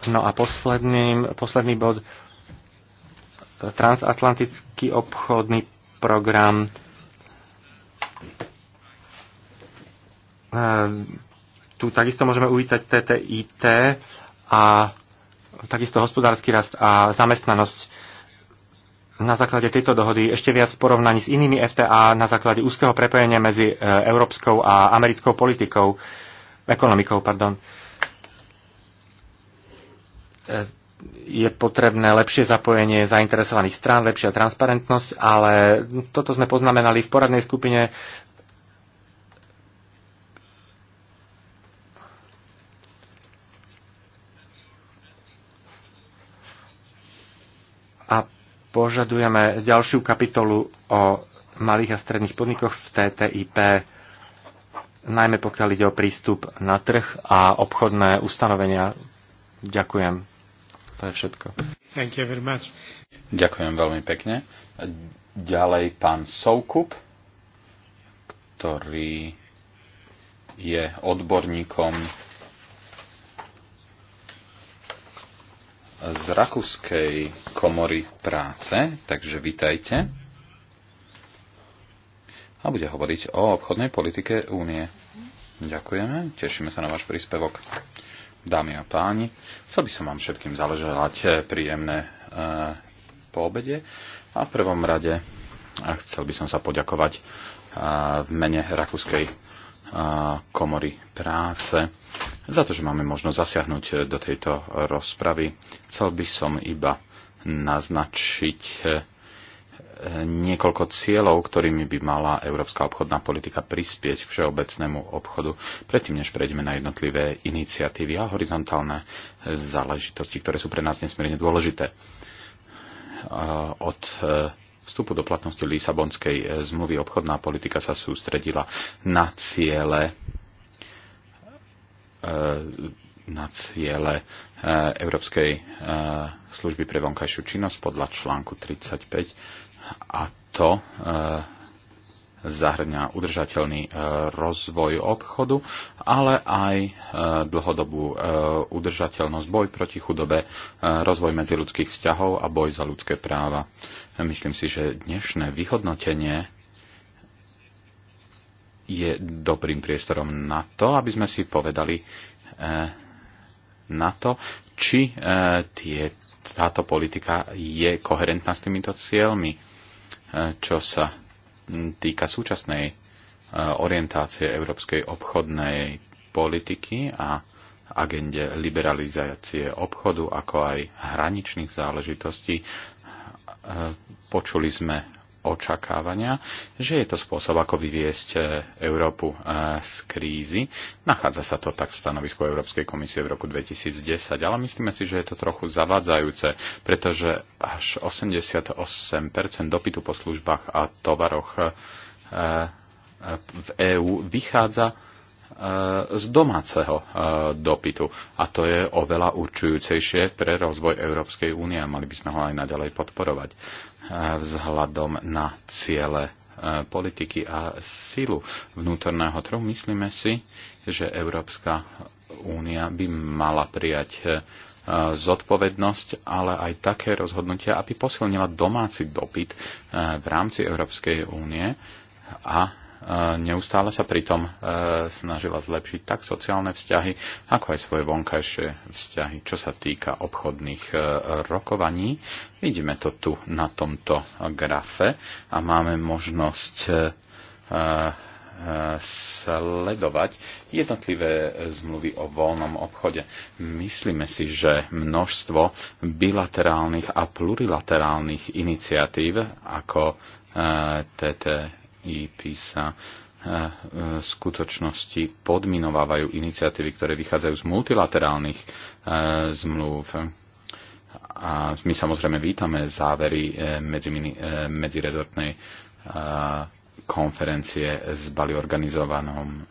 A: No a posledný, posledný bod. Transatlantický obchodný program ehm, tu takisto môžeme uvítať TTIT a takisto hospodársky rast a zamestnanosť. Na základe tejto dohody ešte viac v porovnaní s inými FTA na základe úzkeho prepojenia medzi e, európskou a americkou politikou, ekonomikou, pardon, e, je potrebné lepšie zapojenie zainteresovaných strán, lepšia transparentnosť, ale toto sme poznamenali v poradnej skupine požadujeme ďalšiu kapitolu o malých a stredných podnikoch v TTIP, najmä pokiaľ ide o prístup na trh a obchodné ustanovenia. Ďakujem. To je všetko.
C: Thank you very much.
A: Ďakujem veľmi pekne.
B: Ďalej pán Soukup, ktorý je odborníkom z Rakúskej komory práce, takže vítajte. A bude hovoriť o obchodnej politike únie. Ďakujeme, tešíme sa na váš príspevok. Dámy a páni, chcel by som vám všetkým zaleželať eh, príjemné eh, obede. a v prvom rade a chcel by som sa poďakovať eh, v mene Rakúskej komory práce za to, že máme možnosť zasiahnuť e, do tejto rozpravy. Chcel by som iba naznačiť e, e, niekoľko cieľov, ktorými by mala európska obchodná politika prispieť k všeobecnému obchodu, predtým než prejdeme na jednotlivé iniciatívy a horizontálne záležitosti, ktoré sú pre nás nesmierne dôležité. Od vstupu do platnosti Lisabonskej e, zmluvy obchodná politika sa sústredila na ciele e, na ciele e, Európskej služby pre vonkajšiu činnosť podľa článku 35 a to zahrňa udržateľný e, rozvoj obchodu, ale aj e, dlhodobú e, udržateľnosť, boj proti chudobe, rozvoj medziludských vzťahov a boj za ľudské práva. Myslím si, že dnešné vyhodnotenie je dobrým priestorom na to, aby sme si povedali na to, či tie, táto politika je koherentná s týmito cieľmi, čo sa týka súčasnej e, orientácie európskej obchodnej politiky a agende liberalizácie obchodu, ako aj hraničných záležitostí. E, počuli sme očakávania, že je to spôsob, ako vyviesť e, Európu e, z krízy. Nachádza sa to tak v stanovisku Európskej komisie v roku 2010, ale myslíme si, že je to trochu zavádzajúce, pretože až 88% dopytu po službách a tovaroch e, v EÚ vychádza z domáceho e, dopytu. A to je oveľa určujúcejšie pre rozvoj Európskej únie a mali by sme ho aj naďalej podporovať e, vzhľadom na ciele e, politiky a sílu vnútorného trhu. Myslíme si, že Európska únia by mala prijať zodpovednosť, ale aj také rozhodnutia, aby posilnila domáci dopyt v rámci Európskej únie a neustále sa pritom e, snažila zlepšiť tak sociálne vzťahy, ako aj svoje vonkajšie vzťahy. Čo sa týka obchodných e, rokovaní, vidíme to tu na tomto grafe a máme možnosť e, sledovať jednotlivé zmluvy o voľnom obchode. Myslíme si, že množstvo bilaterálnych a plurilaterálnych iniciatív ako TT IP e sa e, e, v skutočnosti podminovávajú iniciatívy, ktoré vychádzajú z multilaterálnych zmluv. A my samozrejme vítame závery medzirezortnej konferencie z Bali organizovanom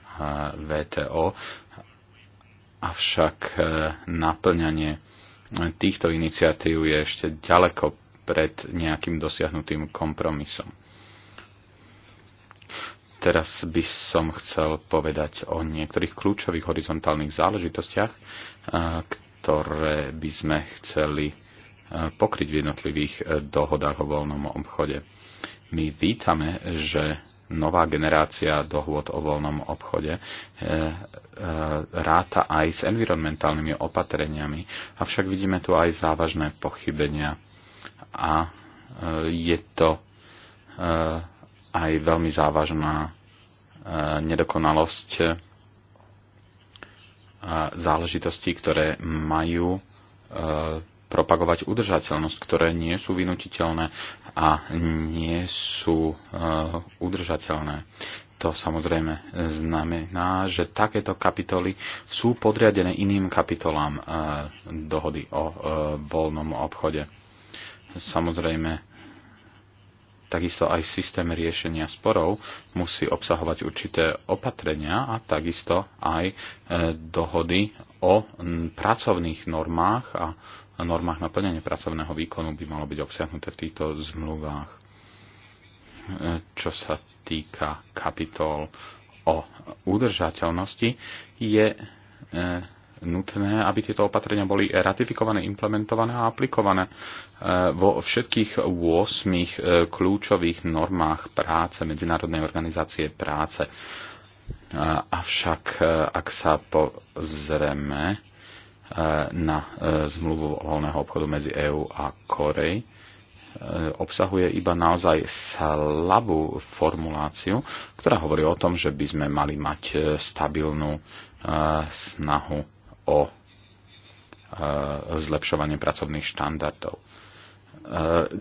B: VTO, avšak naplňanie týchto iniciatív je ešte ďaleko pred nejakým dosiahnutým kompromisom teraz by som chcel povedať o niektorých kľúčových horizontálnych záležitostiach, ktoré by sme chceli pokryť v jednotlivých e, dohodách o voľnom obchode. My vítame, že nová generácia dohôd o voľnom obchode e, e, ráta aj s environmentálnymi opatreniami, avšak vidíme tu aj závažné pochybenia a je to aj veľmi závažná nedokonalosť záležitostí, ktoré majú e, propagovať udržateľnosť, ktoré nie sú vynutiteľné a nie sú e, udržateľné. To samozrejme znamená, že takéto kapitoly sú podriadené iným kapitolám e, dohody o voľnom obchode. Samozrejme, Takisto aj systém riešenia sporov musí obsahovať určité opatrenia a takisto aj e, dohody o pracovných normách a normách na plnenie pracovného výkonu by malo byť obsiahnuté v týchto zmluvách. E, čo sa týka kapitol o udržateľnosti, je e, nutné, aby tieto opatrenia boli ratifikované, implementované a aplikované e, vo všetkých 8 e, kľúčových normách práce Medzinárodnej organizácie práce. E, avšak, ak sa pozrieme na zmluvu voľného obchodu medzi EÚ a Korej, obsahuje iba naozaj slabú formuláciu, ktorá hovorí o tom, že by sme mali mať stabilnú snahu o zlepšovanie pracovných štandardov. E,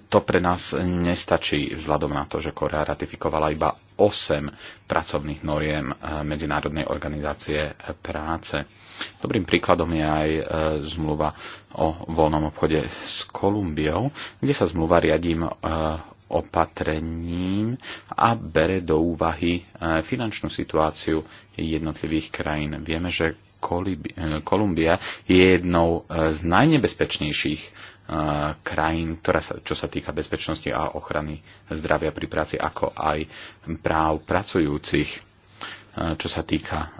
B: to pre nás nestačí vzhľadom na to, že Korea ratifikovala iba 8 pracovných noriem e, Medzinárodnej organizácie práce. Dobrým príkladom je aj e, zmluva o voľnom obchode s Kolumbiou, kde sa zmluva riadím opatrením a bere do úvahy finančnú situáciu jednotlivých krajín. Vieme, že Eh, Kolumbia je jednou eh, z najnebezpečnejších eh, krajín, ktorá sa, čo sa týka bezpečnosti a ochrany zdravia pri práci, ako aj práv pracujúcich, čo sa týka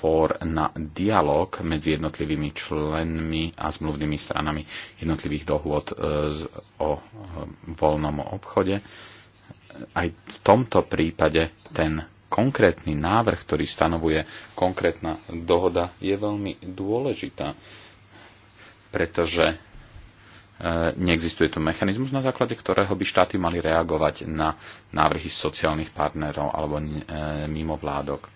B: fór na dialog medzi jednotlivými členmi a zmluvnými stranami jednotlivých dohôd o voľnom obchode. Aj v tomto prípade ten konkrétny návrh, ktorý stanovuje konkrétna dohoda, je veľmi dôležitá, pretože e, neexistuje tu mechanizmus, na základe ktorého by štáty mali reagovať na návrhy sociálnych partnerov alebo e, mimo vládok.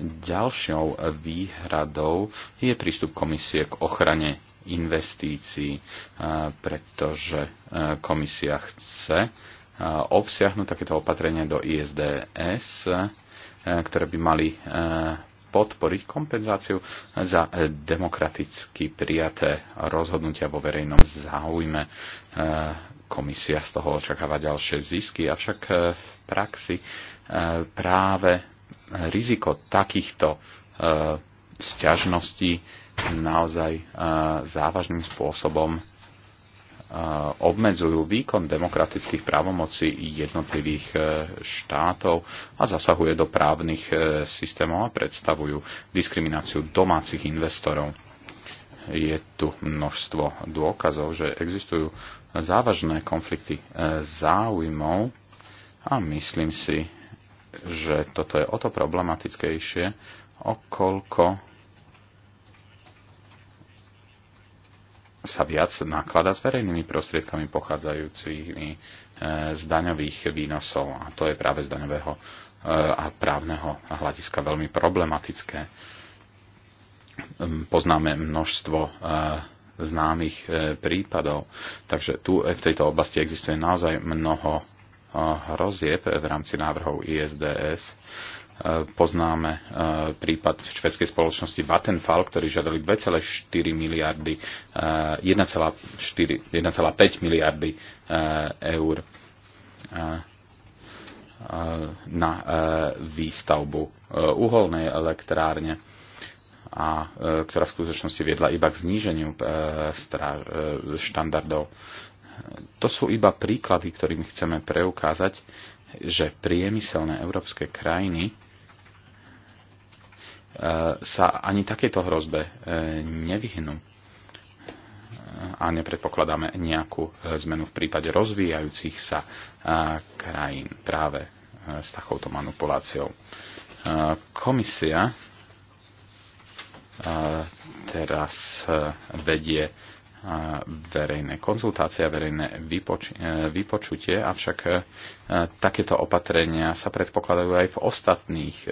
B: Ďalšou výhradou je prístup komisie k ochrane investícií, e, pretože komisia chce obsiahnuť takéto opatrenia do ISDS, e, ktoré by mali e, podporiť kompenzáciu za e, demokraticky prijaté rozhodnutia vo verejnom záujme. Komisia z toho očakáva ďalšie zisky, avšak v praxi práve riziko takýchto sťažností naozaj závažným spôsobom Eh, obmedzujú výkon demokratických právomocí jednotlivých eh, štátov a zasahuje do právnych eh, systémov a predstavujú diskrimináciu domácich investorov. Je tu množstvo dôkazov, že existujú závažné konflikty záujmov a myslím si, že toto je o to problematickejšie, okolko sa viac naklada s verejnými prostriedkami pochádzajúcimi e, z daňových výnosov. A to je práve z daňového e, a právneho hľadiska veľmi problematické. Hm, poznáme množstvo e, známych prípadov, takže tu v tejto oblasti existuje naozaj mnoho hrozieb v rámci návrhov ISDS E, poznáme e, prípad švedskej spoločnosti Vattenfall, ktorí žiadali 2,4 miliardy, 1,4, e, 1,5 miliardy eur na výstavbu uholnej elektrárne a ktorá v skutočnosti viedla iba k zníženiu štandardov. To sú iba príklady, ktorými chceme preukázať, že priemyselné európske krajiny sa ani takéto hrozbe e, nevyhnú a nepredpokladáme nejakú e, zmenu v prípade rozvíjajúcich sa e, krajín práve s takouto manipuláciou. Komisia teraz vedie verejné konzultácie a verejné vypoč- e, vypočutie, avšak e, takéto opatrenia sa predpokladajú aj v ostatných e,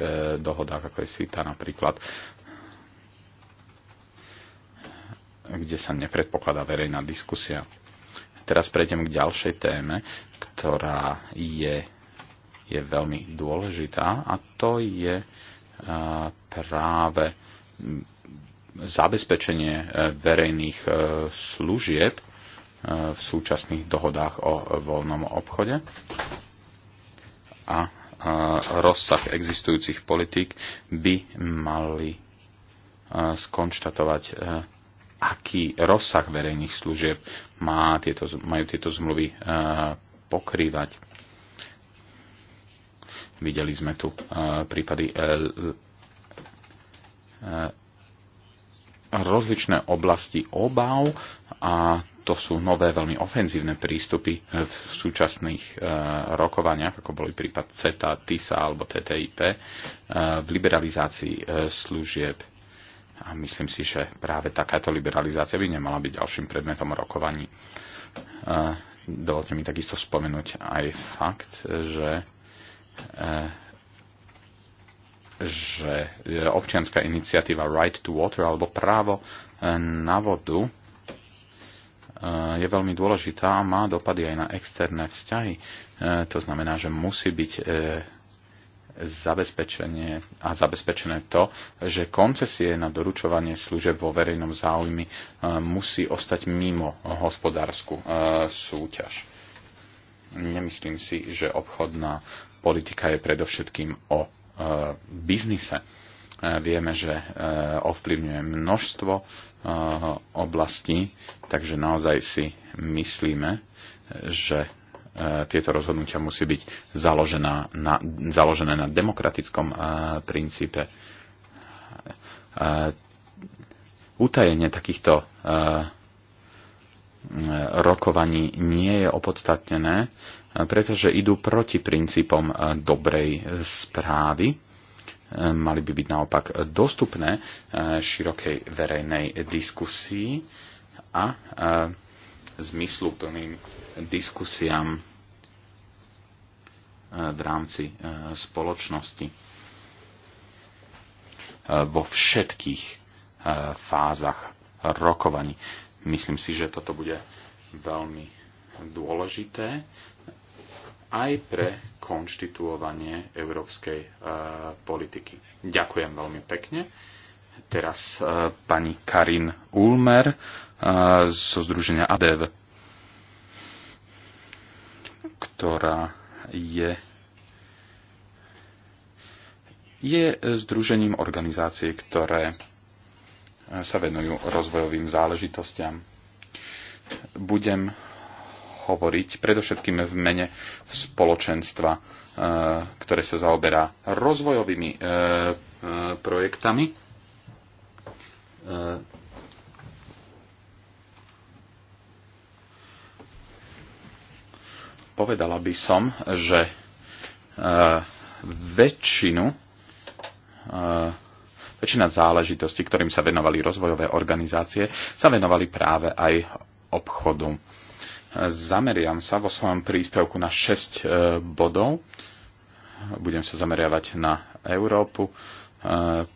B: dohodách, ako je SITA napríklad, kde sa nepredpokladá verejná diskusia. Teraz prejdem k ďalšej téme, ktorá je, je veľmi dôležitá a to je práve zabezpečenie e, verejných e, služieb e, v súčasných dohodách o voľnom obchode a rozsah existujúcich politík by mali skonštatovať, aký rozsah verejných služieb má tieto, majú tieto zmluvy pokrývať. Videli sme tu prípady rozličné oblasti obav a to sú nové, veľmi ofenzívne prístupy v súčasných e, rokovaniach, ako boli prípad CETA, TISA alebo TTIP, e, v liberalizácii e, služieb. A myslím si, že práve takáto liberalizácia by nemala byť ďalším predmetom rokovaní. Dovolte mi takisto spomenúť aj fakt, že že občianská iniciatíva Right to Water alebo právo eh, na vodu eh, je veľmi dôležitá a má dopady aj na externé vzťahy. Eh, to znamená, že musí byť zabezpečenie a zabezpečené to, že koncesie na doručovanie služeb vo verejnom záujmi musí ostať mimo hospodárskú súťaž. Nemyslím si, že obchodná politika je predovšetkým o E, biznise. E, vieme, že e, ovplyvňuje množstvo oblastí, takže naozaj si myslíme, že tieto rozhodnutia musí byť založená na, založené na demokratickom princípe. Utajenie takýchto rokovaní nie je opodstatnené, pretože idú proti princípom e, dobrej správy. E, mali by byť naopak dostupné e, širokej verejnej diskusii a zmysluplným diskusiám v rámci spoločnosti vo všetkých fázach rokovaní Myslím si, že toto bude veľmi dôležité aj pre konštituovanie európskej e, politiky. Ďakujem veľmi pekne. Teraz e, pani Karin Ulmer e, zo Združenia ADEV, ktorá je, je združením organizácie, ktoré sa venujú rozvojovým záležitostiam. Budem hovoriť predovšetkým v mene spoločenstva, e, ktoré sa zaoberá rozvojovými e, e, projektami. Povedala by som, že väčšinu Väčšina záležitostí, ktorým sa venovali rozvojové organizácie, sa venovali práve aj obchodu. Zameriam sa vo svojom príspevku na 6 e, bodov. Budem sa zameriavať na Európu, e,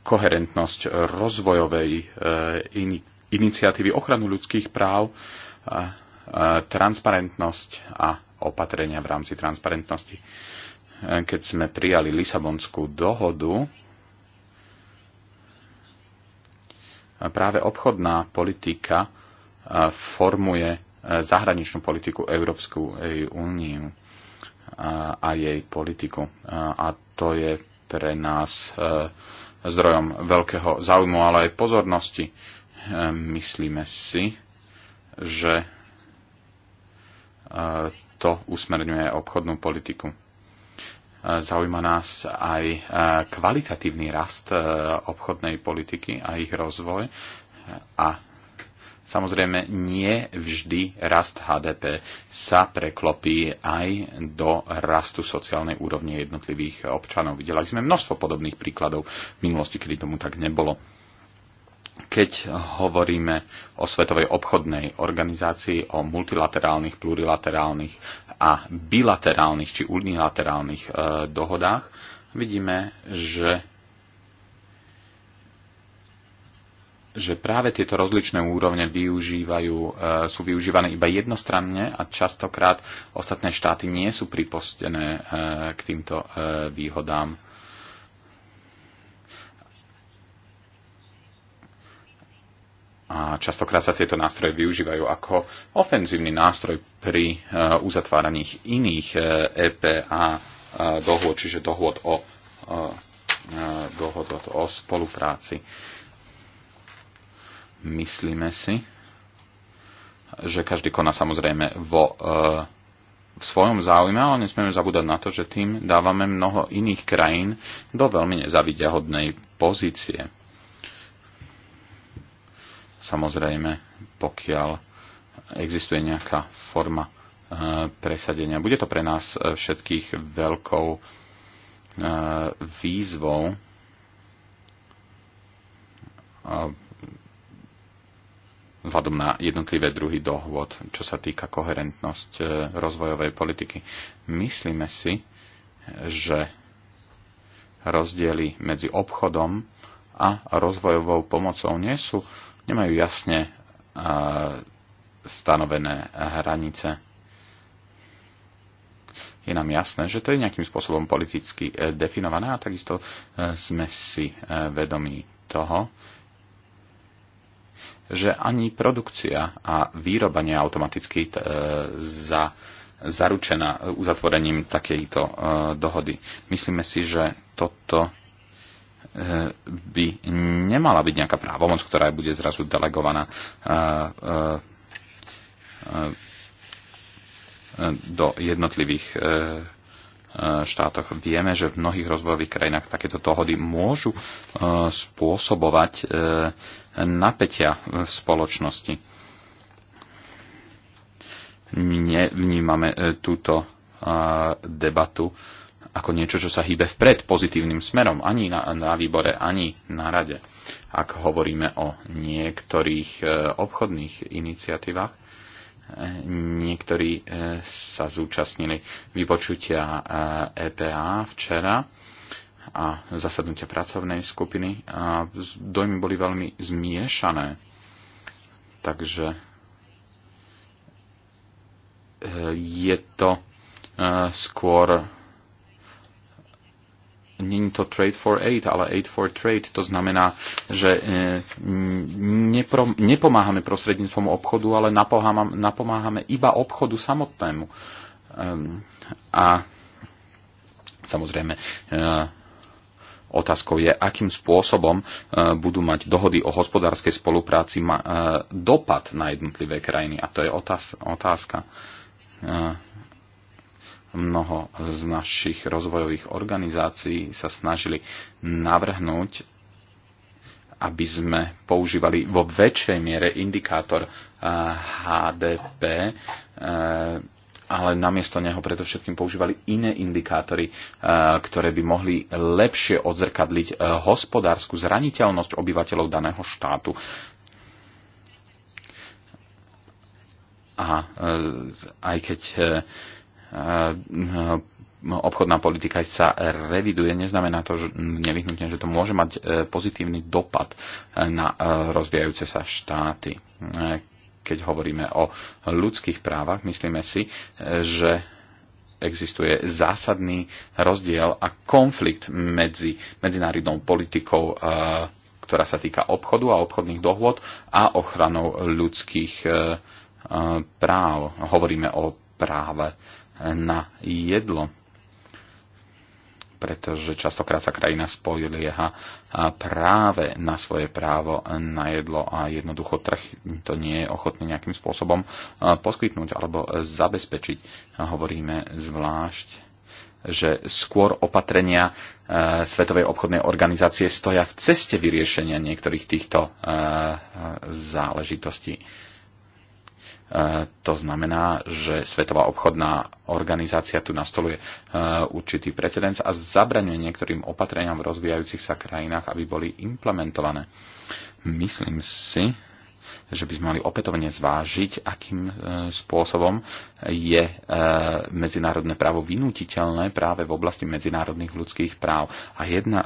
B: koherentnosť rozvojovej e, iniciatívy ochranu ľudských práv, transparentnosť a opatrenia v rámci transparentnosti. Keď sme prijali Lisabonskú dohodu, práve obchodná politika formuje e, zahraničnú politiku Európsku e, úniu a jej politiku. E, a to je pre nás zdrojom veľkého záujmu, ale aj pozornosti. Myslíme si, že to usmerňuje obchodnú politiku. Zaujíma nás aj e, kvalitatívny rast e, obchodnej politiky a ich rozvoj a Samozrejme, nie vždy rast HDP sa preklopí aj do rastu sociálnej úrovne jednotlivých občanov. Videli sme množstvo podobných príkladov v minulosti, kedy tomu tak nebolo keď hovoríme o Svetovej obchodnej organizácii, o multilaterálnych, plurilaterálnych a bilaterálnych či unilaterálnych e, dohodách, vidíme, že že práve tieto rozličné úrovne využívajú, e, sú využívané iba jednostranne a častokrát ostatné štáty nie sú pripostené e, k týmto e, výhodám. A častokrát sa tieto nástroje využívajú ako ofenzívny nástroj pri eh, uzatváraní iných EPA eh, e eh, dohôd, čiže dohôd o, dohôd o spolupráci. Myslíme si, že každý koná samozrejme vo, v svojom záujme, ale nesmieme zabúdať na to, že tým dávame mnoho iných krajín do veľmi nezavidiahodnej pozície. Samozrejme, pokiaľ existuje nejaká forma eh, presadenia. Bude to pre nás eh, všetkých veľkou eh, výzvou vzhľadom na jednotlivé druhy dohôd, čo sa týka koherentnosť rozvojovej politiky. Myslíme si, že rozdiely medzi obchodom a rozvojovou pomocou nie sú nemajú jasne stanovené hranice. Je nám jasné, že to je nejakým spôsobom politicky e, definované a takisto e, sme si e, vedomí toho, že ani produkcia a výroba nie je automaticky za, zaručená uzatvorením takejto dohody. Myslíme si, že toto by nemala byť nejaká právomoc, ktorá bude zrazu delegovaná eh, eh, eh, do jednotlivých štátoch. Vieme, že v mnohých rozvojových krajinách takéto dohody môžu spôsobovať napätia v spoločnosti. Nevnímame túto debatu ako niečo, čo sa hýbe vpred pozitívnym smerom, ani na, na výbore, ani na rade. Ak hovoríme o niektorých e, obchodných iniciatívach, e, niektorí e, sa zúčastnili vypočutia EPA včera a zasadnutia pracovnej skupiny. A dojmy boli veľmi zmiešané. Takže je to skôr není to trade for aid, ale aid for trade. To znamená, že e, nepomáhame prostredníctvom obchodu, ale napomáhame, napomáhame iba obchodu samotnému. Ehm, a samozrejme, e, Otázkou je, akým spôsobom e, budú mať dohody o hospodárskej spolupráci dopad na jednotlivé krajiny. A to je otázka. Mnoho z našich rozvojových organizácií sa snažili navrhnúť, aby sme používali vo väčšej miere indikátor HDP, eh, eh, ale namiesto neho predovšetkým používali iné indikátory, eh, ktoré by mohli lepšie odzrkadliť hospodárskú zraniteľnosť obyvateľov daného štátu. a aj keď Eh, eh, obchodná politika sa reviduje, neznamená to že nevyhnutne, že to môže mať eh, pozitívny dopad na rozvíjajúce sa štáty. Keď hovoríme o ľudských právach, myslíme si, že existuje zásadný rozdiel a konflikt medzi medzinárodnou politikou, ktorá sa týka obchodu a obchodných dohôd a ochranou ľudských práv. Hovoríme o práve na jedlo pretože častokrát sa krajina spolieha práve na svoje právo na jedlo a jednoducho trh to nie je ochotný nejakým spôsobom e, poskytnúť alebo zabezpečiť. Hovoríme zvlášť že skôr opatrenia e, Svetovej obchodnej organizácie stoja v ceste vyriešenia niektorých týchto e, záležitostí. E, to znamená, že Svetová obchodná organizácia tu nastoluje e, určitý precedens a zabraňuje niektorým opatreniam v rozvíjajúcich sa krajinách, aby boli implementované. Myslím si, že by sme mali opätovne zvážiť, akým e, spôsobom je medzinárodné právo vynútiteľné práve v oblasti medzinárodných ľudských práv. A jedna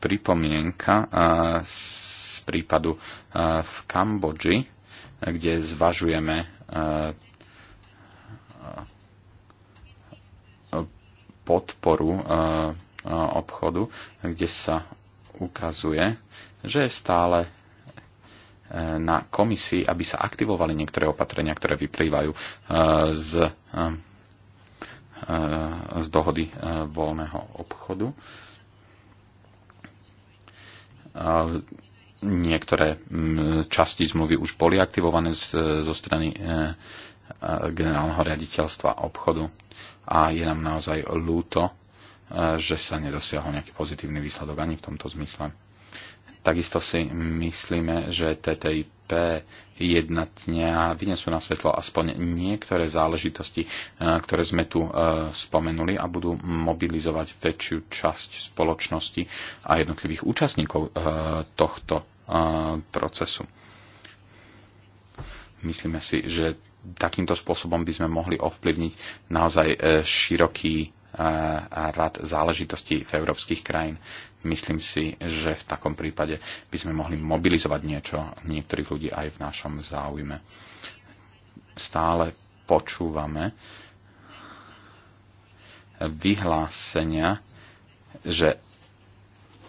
B: pripomienka z prípadu v Kambodži, kde zvažujeme eh, podporu eh, obchodu, kde sa ukazuje, že je stále eh, na komisii, aby sa aktivovali niektoré opatrenia, ktoré vyplývajú z, z dohody voľného obchodu Niektoré mm, časti zmluvy už boli aktivované zo strany e, generálneho riaditeľstva obchodu a je nám naozaj ľúto, e, že sa nedosiahol nejaký pozitívny výsledok ani v tomto zmysle. Takisto si myslíme, že TTIP jednatňa vyniesú na svetlo aspoň niektoré záležitosti, e, ktoré sme tu spomenuli a budú mobilizovať väčšiu časť spoločnosti a jednotlivých účastníkov tohto procesu. Myslíme si, že takýmto spôsobom by sme mohli ovplyvniť naozaj e, široký e, rad záležitostí v európskych krajín. Myslím si, že v takom prípade by sme mohli mobilizovať niečo niektorých ľudí aj v našom záujme. Stále počúvame vyhlásenia, že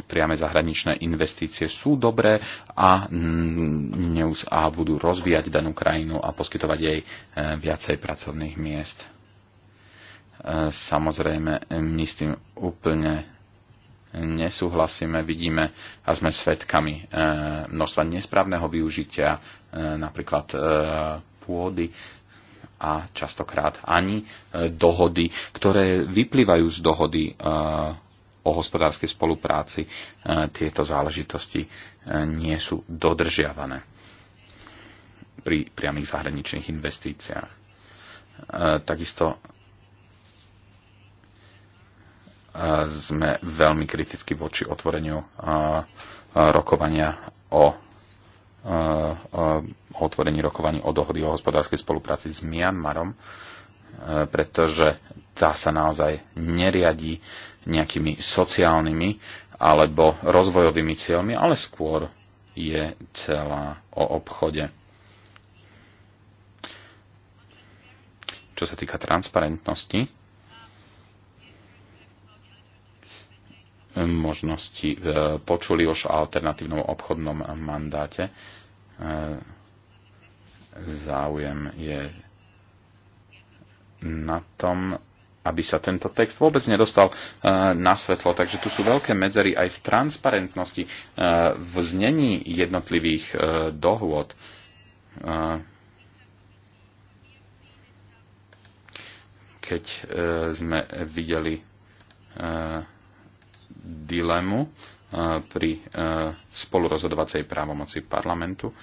B: priame zahraničné investície sú dobré a, mm, a budú rozvíjať danú krajinu a poskytovať jej e, viacej pracovných miest. E, samozrejme, my s tým úplne nesúhlasíme, vidíme a sme svetkami e, množstva nesprávneho využitia napríklad pôdy a častokrát ani dohody, ktoré vyplývajú z dohody o hospodárskej spolupráci e, tieto záležitosti e, nie sú dodržiavané pri priamých zahraničných investíciách. E, takisto sme veľmi kriticky voči otvoreniu rokovania o o otvorení rokovaní o dohody o hospodárskej spolupráci s Mianmarom, E, pretože tá sa naozaj neriadi nejakými sociálnymi alebo rozvojovými cieľmi, ale skôr je celá o obchode. Čo sa týka transparentnosti, možnosti e, počuli už o alternatívnom obchodnom mandáte. E, záujem je na tom, aby sa tento text vôbec nedostal eh, na svetlo. Takže tu sú veľké medzery aj v transparentnosti, eh, v znení jednotlivých eh, dohôd. Keď sme videli dilemu pri spolurozhodovacej právomoci parlamentu,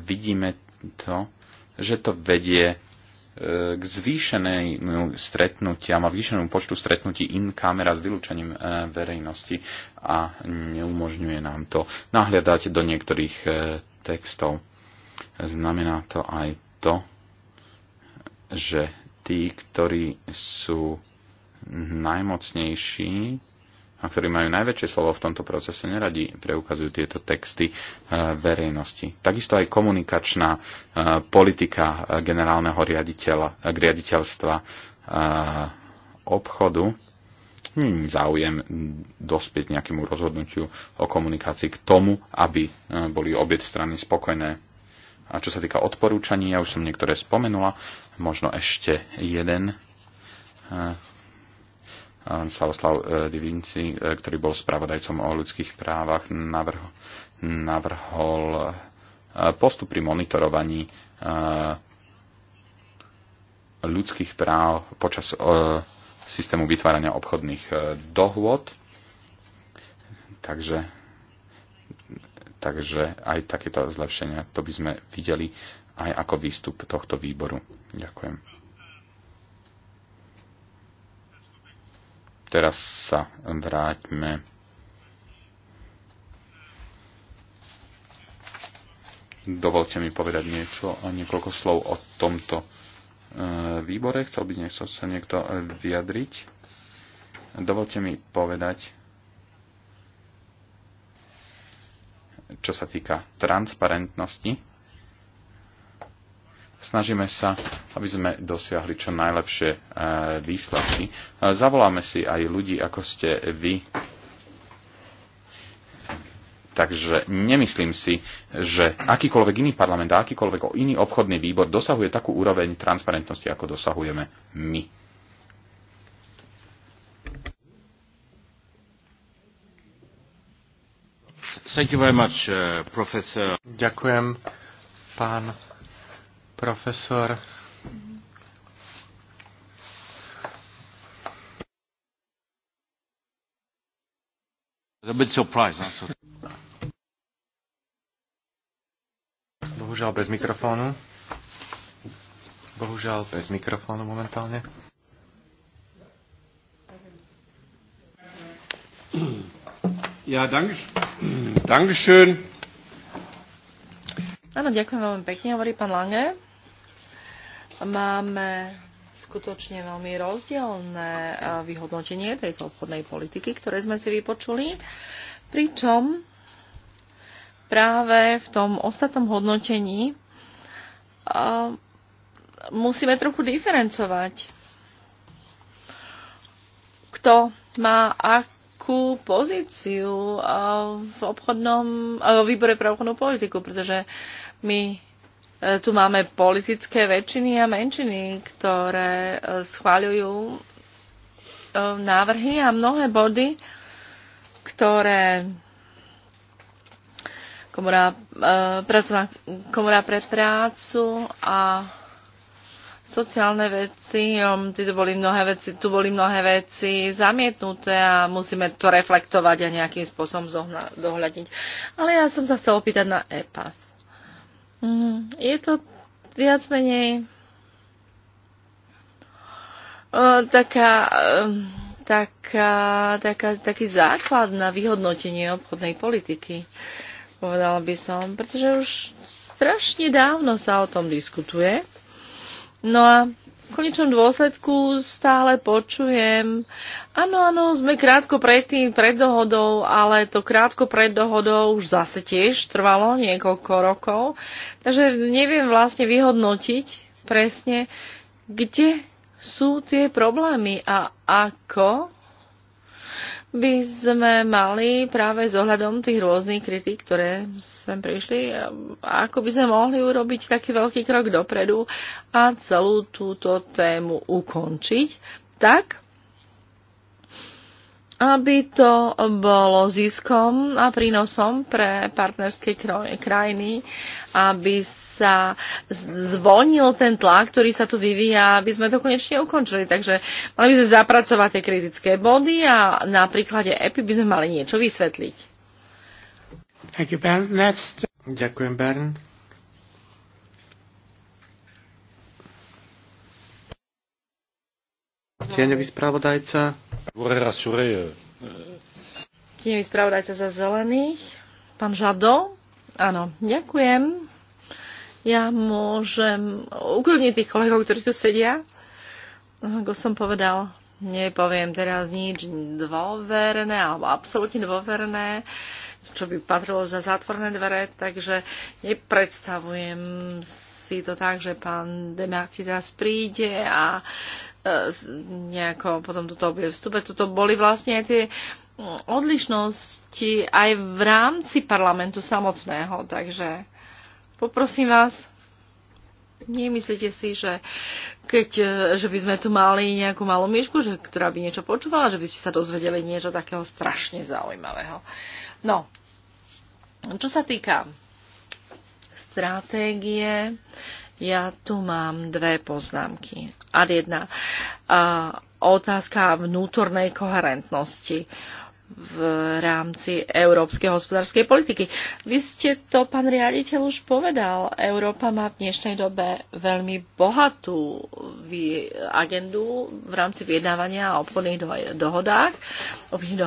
B: vidíme to, že to vedie k zvýšenému stretnutia, a zvýšenému počtu stretnutí in kamera s vylúčením e, verejnosti a neumožňuje nám to nahľadať do niektorých e, textov. Znamená to aj to, že tí, ktorí sú najmocnejší, a ktorí majú najväčšie slovo v tomto procese, neradi preukazujú tieto texty e, verejnosti. Takisto aj komunikačná e, politika generálneho riaditeľa, e, riaditeľstva obchodu není záujem dospieť nejakému rozhodnutiu o komunikácii k tomu, aby boli obie strany spokojné. A čo sa týka odporúčaní, ja už som niektoré spomenula, možno ešte jeden Slavoslav e, Divinci, e, ktorý bol spravodajcom o ľudských právach, navrhol, e, postup pri monitorovaní ľudských práv počas systému vytvárania obchodných dohôd. Takže, takže aj takéto zlepšenia, to by sme videli aj ako výstup tohto výboru. Ďakujem. Teraz sa vráťme Dovolte mi povedať niečo, a niekoľko slov o tomto e, výbore. Chcel by niečo sa niekto vyjadriť. Dovolte mi povedať, čo sa týka transparentnosti snažíme sa, aby sme dosiahli čo najlepšie eh, výsledky. Eh, zavoláme si aj ľudí, ako ste vy. Takže nemyslím si, že akýkoľvek iný parlament a akýkoľvek iný obchodný výbor dosahuje takú úroveň transparentnosti, ako dosahujeme my.
A: Thank you very much, uh, Ďakujem, pán profesor. A bit surprised, Bohužiaľ bez mikrofónu. Bohužiaľ bez mikrofónu momentálne. Ja, danke, danke
B: schön.
C: Áno, ďakujem veľmi pekne, hovorí pán Lange. Máme skutočne veľmi rozdielne eh, vyhodnotenie tejto obchodnej politiky, ktoré sme si vypočuli, pričom práve v tom ostatnom hodnotení eh, musíme trochu diferencovať, kto má akú pozíciu eh, v obchodnom, výbore pre obchodnú politiku, pretože my E, tu máme politické väčšiny a menšiny, ktoré e, schváľujú e, návrhy a mnohé body, ktoré komora, pracovná komora pre prácu a sociálne veci, tu boli mnohé veci, tu boli mnohé veci zamietnuté a musíme to reflektovať a nejakým spôsobom dohľadniť. Ale ja som sa chcela opýtať na EPAS Mm, je to viac menej o, taká, taká, taká, taký základ na vyhodnotenie obchodnej politiky, povedala by som, pretože už strašne dávno sa o tom diskutuje. No a v konečnom dôsledku stále počujem, áno, áno, sme krátko pred tým, pred dohodou, ale to krátko pred dohodou už zase tiež trvalo niekoľko rokov. Takže neviem vlastne vyhodnotiť presne, kde sú tie problémy a ako by sme mali práve s ohľadom tých rôznych kritík, ktoré sem prišli, ako by sme mohli urobiť taký veľký krok dopredu a celú túto tému ukončiť tak, aby to bolo ziskom a prínosom pre partnerské krajiny, aby sa zvolnil ten tlak, ktorý sa tu vyvíja, aby sme to konečne ukončili. Takže mali by sme zapracovať tie kritické body a na príklade EPI by sme mali niečo vysvetliť.
A: Thank you, Bern. Next. Ďakujem, Bern. Tieňový spravodajca. Eh,
C: Tieňový spravodajca za zelených, pán Žado. Áno, ďakujem. Ja môžem ukludniť tých kolegov, ktorí tu sedia. Ako som povedal, nepoviem teraz nič dôverné alebo absolútne dôverné, čo by patrilo za zátvorné dvere, takže nepredstavujem si to tak, že pán Demarty teraz príde a uh, E, nejako potom toto obje vstupe. Toto boli vlastne aj tie odlišnosti aj v rámci parlamentu samotného. Takže poprosím vás, nemyslíte si, že, keď, e, že by sme tu mali nejakú malú myšku, že, ktorá by niečo počúvala, že by ste sa dozvedeli niečo takého strašne zaujímavého. No, čo sa týka stratégie, ja tu mám dve poznámky. A jedna otázka vnútornej koherentnosti v rámci európskej hospodárskej politiky. Vy ste to, pán riaditeľ, už povedal. Európa má v dnešnej dobe veľmi bohatú agendu v rámci vyjednávania a obchodných dohodách, obchodných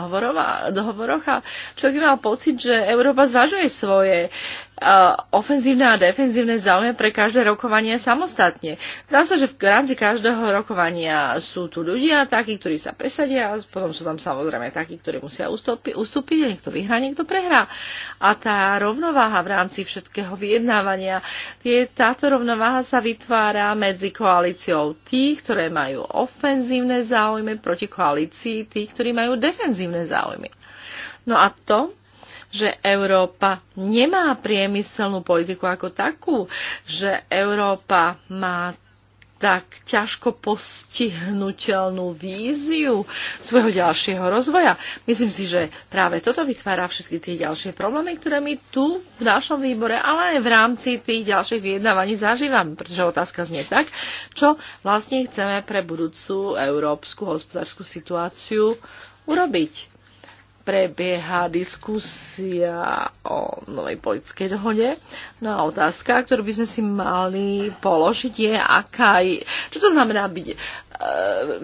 C: dohovoroch a človek mal pocit, že Európa zvažuje svoje Eh, ofenzívne a defenzívne záujmy pre každé rokovanie samostatne. Zdá sa, že v rámci každého rokovania sú tu ľudia, takí, ktorí sa presadia, potom sú tam samozrejme takí, ktorí musia ustúpiť, ustúpiť niekto vyhrá, niekto prehrá. A tá rovnováha v rámci všetkého vyjednávania, tie, táto rovnováha sa vytvára medzi koalíciou tých, ktoré majú ofenzívne záujmy proti koalícii tých, ktorí majú defenzívne záujmy. No a to že Európa nemá priemyselnú politiku ako takú, že Európa má tak ťažko postihnutelnú víziu svojho ďalšieho rozvoja. Myslím si, že práve toto vytvára všetky tie ďalšie problémy, ktoré my tu v našom výbore, ale aj v rámci tých ďalších vyjednávaní zažívame, pretože otázka znie tak, čo vlastne chceme pre budúcu európsku hospodárskú situáciu urobiť prebieha diskusia o novej politickej dohode. No a otázka, ktorú by sme si mali položiť je, aká je, čo to znamená byť e,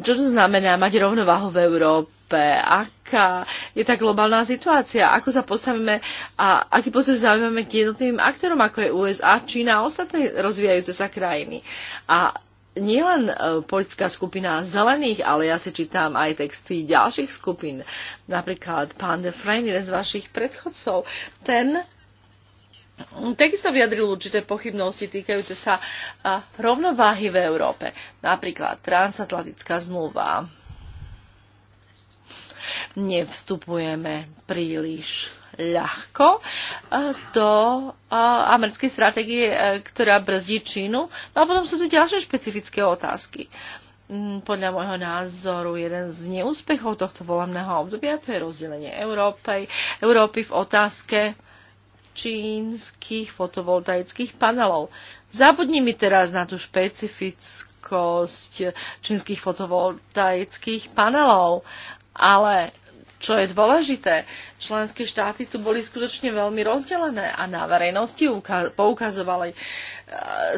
C: čo to znamená mať rovnováhu v Európe, aká je tá globálna situácia, ako sa postavíme a aký postoj zaujímame k jednotlivým aktorom, ako je USA, Čína a ostatné rozvíjajúce sa krajiny. A nielen e, politická skupina zelených, ale ja si čítam aj texty ďalších skupín. Napríklad pán de Freyne, jeden z vašich predchodcov, ten takisto vyjadril určité pochybnosti týkajúce sa e, rovnováhy v Európe. Napríklad transatlantická zmluva. Nevstupujeme príliš ľahko e, do e, americkej stratégie, e, ktorá brzdí Čínu. No a potom sú tu ďalšie špecifické otázky. Mm, podľa môjho názoru jeden z neúspechov tohto volebného obdobia to je rozdelenie Európy, Európy v otázke čínskych fotovoltaických panelov. Zabudni mi teraz na tú špecifickosť čínskych fotovoltaických panelov, ale čo je dôležité, členské štáty tu boli skutočne veľmi rozdelené a na verejnosti poukazovali. Eh,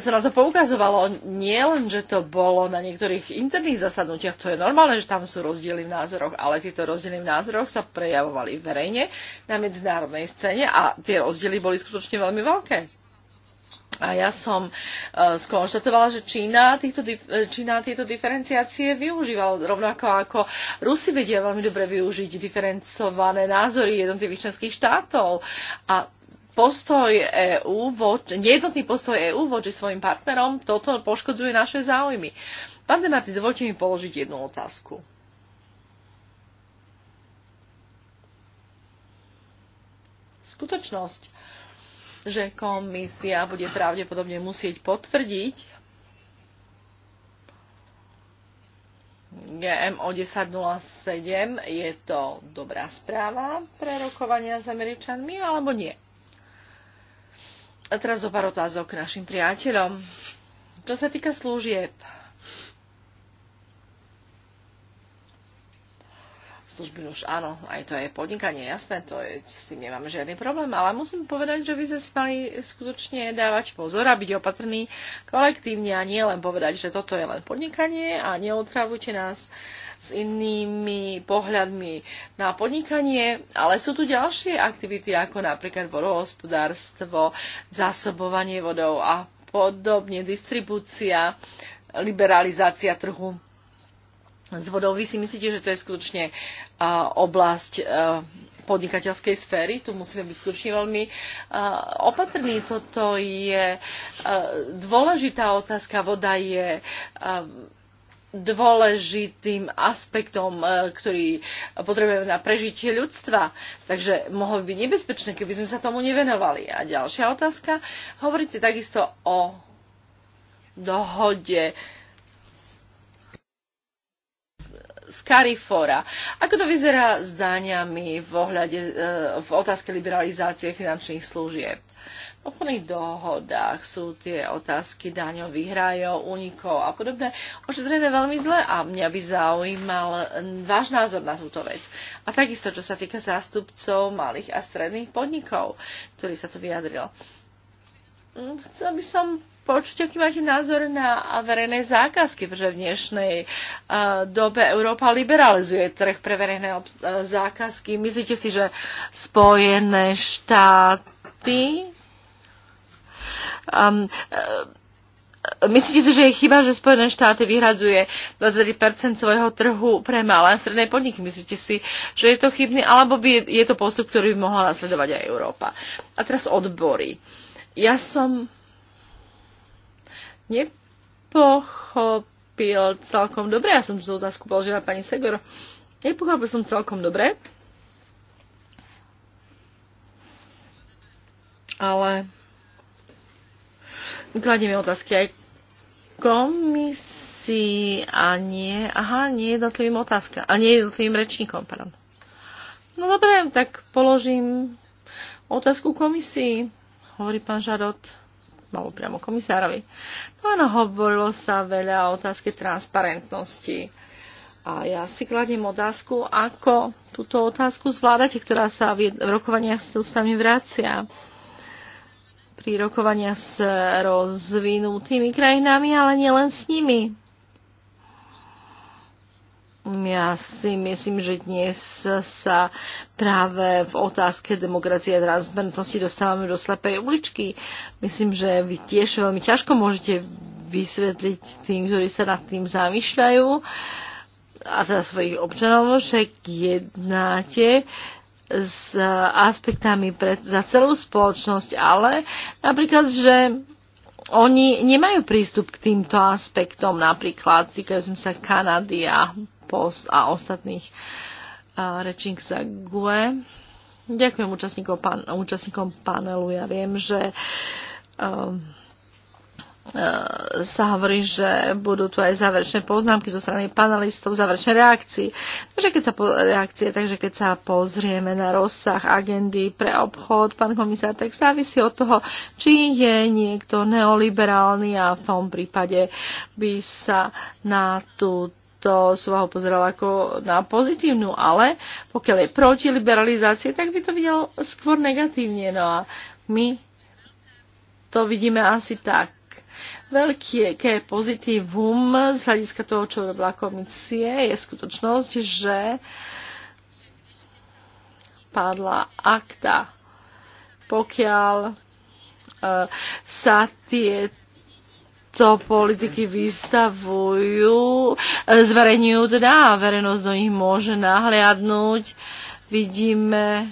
C: sa na to poukazovalo nie len, že to bolo na niektorých interných zasadnutiach, to je normálne, že tam sú rozdiely v názoroch, ale tieto rozdiely v názoroch sa prejavovali verejne na medzinárodnej scéne a tie rozdiely boli skutočne veľmi veľké. A ja som e, skonštatovala, že Čína, týchto, e, Čína tieto diferenciácie využívala rovnako ako Rusi vedia veľmi dobre využiť diferencované názory jednotlivých členských štátov. A postoj EÚ, nejednotný postoj EÚ voči svojim partnerom, toto poškodzuje naše záujmy. Pán Demarty, dovolte mi položiť jednu otázku. Skutočnosť, že komisia bude pravdepodobne musieť potvrdiť GMO 1007 je to dobrá správa pre rokovania s Američanmi alebo nie? A teraz zo pár otázok k našim priateľom. Čo sa týka služieb, služby, no už áno, aj to je podnikanie, jasné, to je, s tým nemáme žiadny problém, ale musím povedať, že by sme mali skutočne dávať pozor a byť opatrní kolektívne a nie len povedať, že toto je len podnikanie a neotravujte nás s inými pohľadmi na podnikanie, ale sú tu ďalšie aktivity, ako napríklad vodohospodárstvo, zásobovanie vodou a podobne, distribúcia, liberalizácia trhu s vodou. Vy si myslíte, že to je skutočne oblasť podnikateľskej sféry. Tu musíme byť skutočne veľmi opatrní. Toto je dôležitá otázka. Voda je dôležitým aspektom, ktorý potrebujeme na prežitie ľudstva. Takže mohlo by byť nebezpečné, keby sme sa tomu nevenovali. A ďalšia otázka. Hovoríte takisto o dohode uh, z Carifora. Ako to vyzerá s dáňami v, ohľade, e, v otázke liberalizácie finančných služieb? V obchodných dohodách sú tie otázky daňových hrajov, únikov a podobné ošetrené veľmi zle a mňa by zaujímal váš názor na túto vec. A takisto, čo sa týka zástupcov malých a stredných podnikov, ktorý sa tu vyjadril. Mm, Chcela by som počuť, aký máte názor na verejné zákazky, pretože v dnešnej eh, dobe Európa liberalizuje trh pre verejné eh, zákazky. Myslíte si, že Spojené štáty. Um, eh, Myslíte si, že je chyba, že Spojené štáty vyhradzuje 20% svojho trhu pre malé a stredné podniky? Myslíte si, že je to chybný, alebo by je to postup, ktorý by mohla nasledovať aj Európa? A teraz odbory. Ja som nepochopil celkom dobre. Ja som tú otázku položila pani Segor. Nepochopil som celkom dobre. Ale kladieme otázky aj komisii a nie, aha, nie jednotlivým otázka, a nie jednotlivým rečníkom, pardon. No dobre, tak položím otázku komisii, hovorí pán Žadot alebo priamo komisárovi. No a hovorilo sa veľa o otázke transparentnosti. A ja si kladiem otázku, ako túto otázku zvládate, ktorá sa v rokovaniach s ústami vracia pri rokovania s rozvinutými krajinami, ale nielen s nimi. Ja si myslím, že dnes sa práve v otázke demokracie a transparentnosti dostávame do slepej uličky. Myslím, že vy tiež veľmi ťažko môžete vysvetliť tým, ktorí sa nad tým zamýšľajú a za svojich občanov, že jednáte s aspektami pre, za celú spoločnosť, ale napríklad, že oni nemajú prístup k týmto aspektom, napríklad som sa Kanady a a ostatných rečník za GUE. Ďakujem účastníkom, pan, účastníkom panelu. Ja viem, že um, e, sa hovorí, že budú tu aj záverečné poznámky zo strany panelistov, záverečné reakcie. Takže keď sa po, reakcie, takže keď sa pozrieme na rozsah agendy pre obchod, pán komisár, tak závisí od toho, či je niekto neoliberálny a v tom prípade by sa na tú to som ho pozerala ako na pozitívnu, ale pokiaľ je proti liberalizácie, tak by to videl skôr negatívne. No a my to vidíme asi tak. Veľké pozitívum z hľadiska toho, čo robila komisie, je skutočnosť, že padla akta. Pokiaľ e, sa tie to politiky vystavujú, e, zverejňujú teda a verejnosť do nich môže nahliadnúť. Vidíme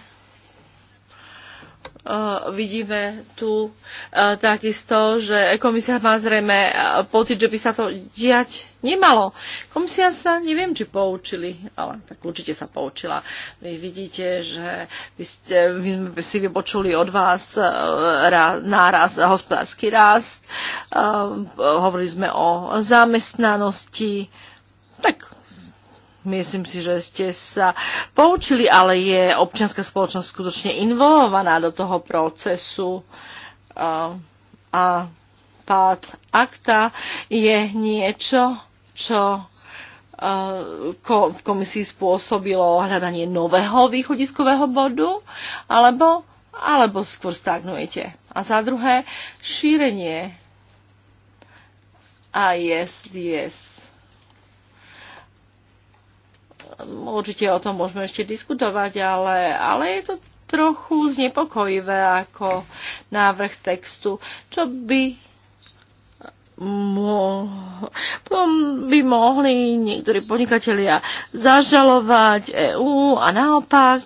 C: Eh, vidíme tu eh, takisto, že komisia má zrejme eh, pocit, že by sa to diať nemalo. Komisia sa neviem, či poučili, ale tak určite sa poučila. Vy vidíte, že vy ste, my sme si vypočuli od vás náraz, hospodársky rast, hovorili sme o zamestnanosti, tak Myslím si, že ste sa poučili, ale je občianská spoločnosť skutočne involovaná do toho procesu a, a pád akta je niečo, čo v komisii spôsobilo hľadanie nového východiskového bodu, alebo, alebo skôr stagnujete. A za druhé, šírenie ISDS určite o tom môžeme ešte diskutovať, ale, ale je to trochu znepokojivé ako návrh textu, čo by mo- potom by mohli niektorí podnikatelia zažalovať EÚ a naopak.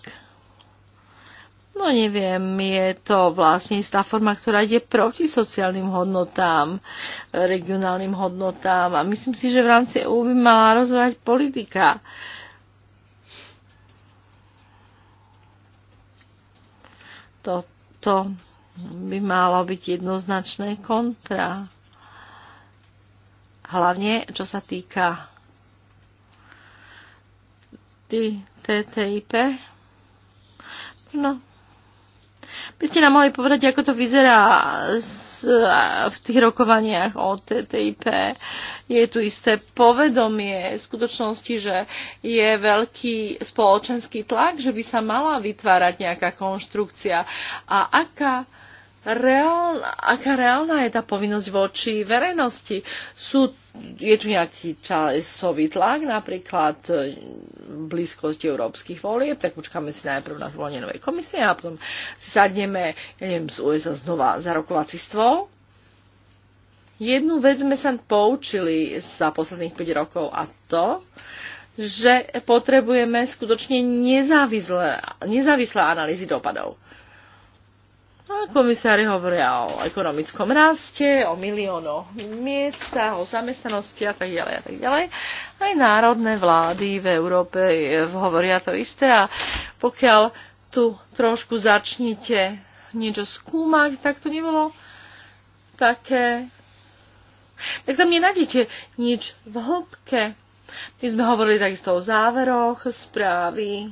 C: No neviem, je to vlastne istá forma, ktorá ide proti sociálnym hodnotám, regionálnym hodnotám a myslím si, že v rámci EÚ by mala rozhodovať politika. Uh, Toto by malo byť jednoznačné kontra. Hlavne, čo sa týka TTIP. No, by ste nám mohli povedať, ako to vyzerá s, v tých rokovaniach o TTIP. Je tu isté povedomie v skutočnosti, že je veľký spoločenský tlak, že by sa mala vytvárať nejaká konštrukcia. A aká reálna, aká reálna je tá povinnosť voči verejnosti. Sú, je tu nejaký časový tlak, napríklad e, blízkosti európskych volieb, tak počkáme si najprv na zvolenie novej komisie a potom si sadneme, ja neviem, z USA znova za rokovací stôl. Jednu vec sme sa poučili za posledných 5 rokov a to, že potrebujeme skutočne nezávislé, nezávislé analýzy dopadov a komisári hovoria o ekonomickom raste, o miliónoch miesta, o zamestnanosti a tak ďalej a tak ďalej. Aj národné vlády v Európe hovoria to isté a pokiaľ tu trošku začnite niečo skúmať, tak to nebolo také... Tak tam nenájdete nič v hĺbke. My sme hovorili takisto o záveroch správy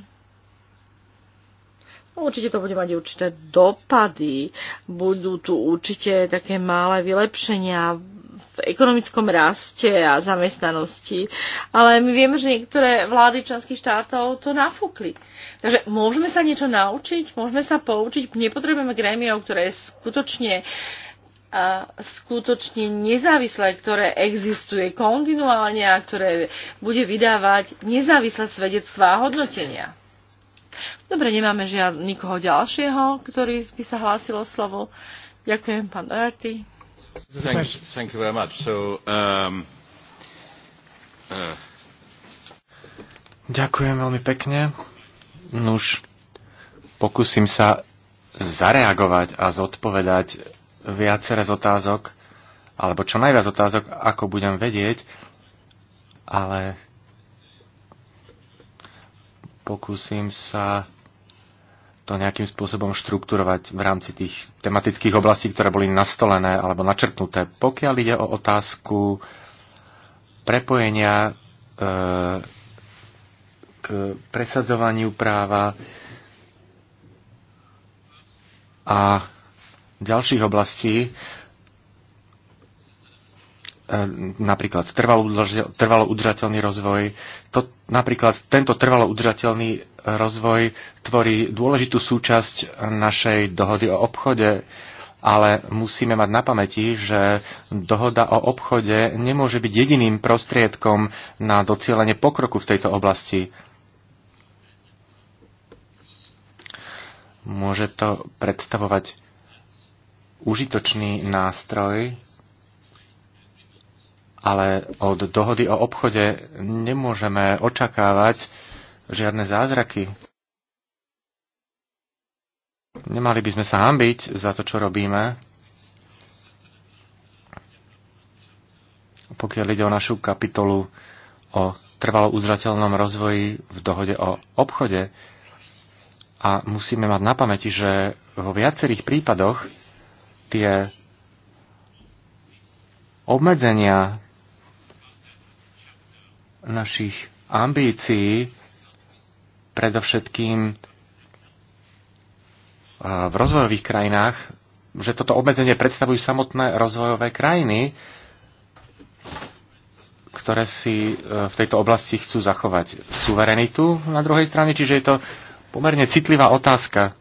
C: No, určite to bude mať určité dopady. Budú tu určite také malé vylepšenia v ekonomickom raste a zamestnanosti. Ale my vieme, že niektoré vlády členských štátov to nafúkli. Takže môžeme sa niečo naučiť, môžeme sa poučiť. Nepotrebujeme grémiov, ktoré skutočne a skutočne nezávislé, ktoré existuje kontinuálne a ktoré bude vydávať nezávislé svedectvá a hodnotenia. Dobre, nemáme žiad nikoho ďalšieho, ktorý by sa hlásil o slovo. Ďakujem, pán Doherty.
B: Thank, you very much. So, um,
A: uh... Ďakujem veľmi pekne. Nuž, pokúsim sa zareagovať a zodpovedať viacere z otázok, alebo čo najviac otázok, ako budem vedieť, ale pokúsim sa to nejakým spôsobom štrukturovať v rámci tých tematických oblastí, ktoré boli nastolené alebo načrtnuté. Pokiaľ ide o otázku prepojenia e, k presadzovaniu práva a ďalších oblastí, E, napríklad trvalo, trvalo udržateľný rozvoj. To, napríklad tento trvalo udržateľný rozvoj tvorí dôležitú súčasť našej dohody o obchode, ale musíme mať na pamäti, že dohoda o obchode nemôže byť jediným prostriedkom na docielenie pokroku v tejto oblasti. Môže to predstavovať užitočný nástroj, ale od dohody o obchode nemôžeme očakávať žiadne zázraky. Nemali by sme sa hambiť za to, čo robíme, pokiaľ ide o našu kapitolu o trvalo udržateľnom rozvoji v dohode o obchode. A musíme mať na pamäti, že vo viacerých prípadoch tie obmedzenia, našich ambícií, predovšetkým e, v rozvojových krajinách, že toto obmedzenie predstavujú samotné rozvojové krajiny, ktoré si e, v tejto oblasti chcú zachovať suverenitu na druhej strane, čiže je to pomerne citlivá otázka.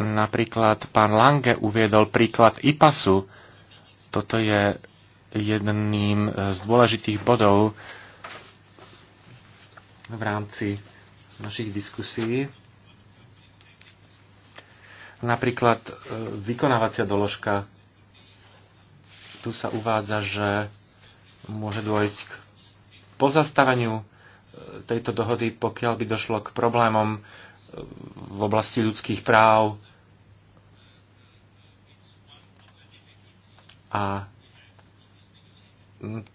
A: Napríklad pán Lange uviedol príklad IPASu. Toto je jedným e, z dôležitých bodov v rámci našich diskusí. Napríklad e, vykonávacia doložka. Tu sa uvádza, že môže dôjsť k pozastavaniu e, tejto dohody, pokiaľ by došlo k problémom v oblasti ľudských práv a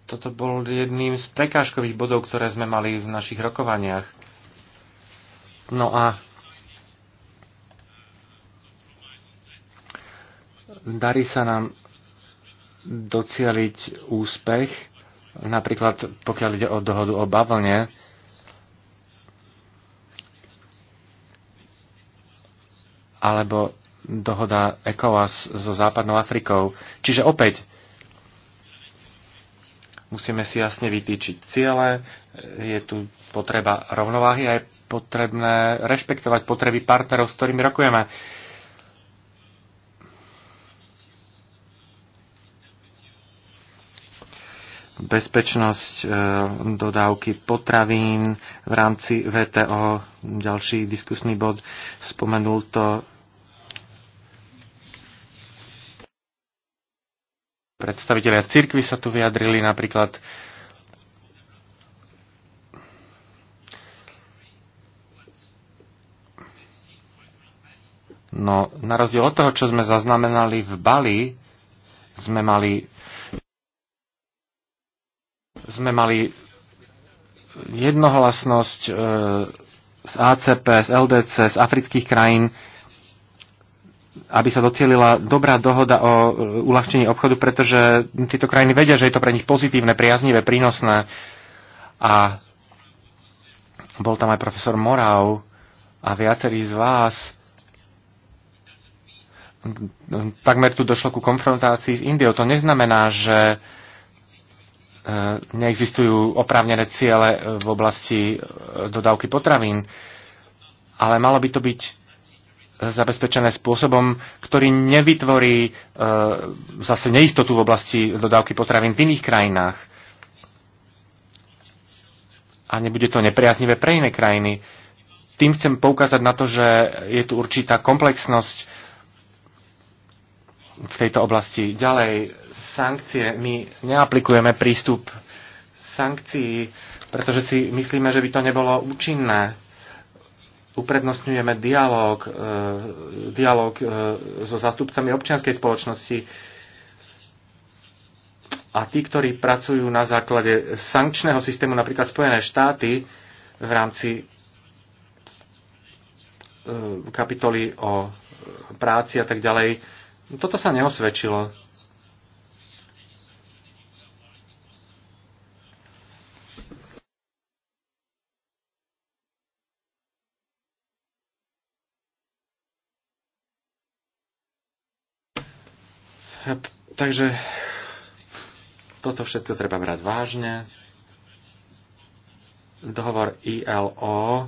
A: toto bol jedným z prekážkových bodov, ktoré sme mali v našich rokovaniach. No a darí sa nám docieliť úspech, napríklad pokiaľ ide o dohodu o bavlne, alebo dohoda ECOWAS so Západnou Afrikou. Čiže opäť, Musíme si jasne vytýčiť ciele, je tu potreba rovnováhy a je potrebné rešpektovať potreby partnerov, s ktorými rokujeme. bezpečnosť e, dodávky potravín v rámci VTO. Ďalší diskusný bod spomenul to Predstavitelia cirkvy sa tu vyjadrili napríklad. No, na rozdiel od toho, čo sme zaznamenali v Bali, sme mali sme mali jednohlasnosť e, z ACP, z LDC, z afrických krajín, aby sa docielila dobrá dohoda o e, uľahčení obchodu, pretože tieto krajiny vedia, že je to pre nich pozitívne, priaznivé, prínosné. A bol tam aj profesor Morau a viacerí z vás. Takmer tu došlo ku konfrontácii s Indiou. To neznamená, že e, neexistujú oprávnené ciele v oblasti e, dodávky potravín, ale malo by to byť zabezpečené spôsobom, ktorý nevytvorí e, zase neistotu v oblasti dodávky potravín v iných krajinách. A nebude to nepriaznivé pre iné krajiny. Tým chcem poukázať na to, že je tu určitá komplexnosť v tejto oblasti. Ďalej, sankcie. My neaplikujeme prístup sankcií, pretože si myslíme, že by to nebolo účinné uprednostňujeme dialog, e, dialog e, so zastupcami občianskej spoločnosti a tí, ktorí pracujú na základe sankčného systému, napríklad Spojené štáty v rámci e, kapitoly o práci a tak ďalej. Toto sa neosvedčilo. Takže toto všetko treba brať vážne. Dohovor ILO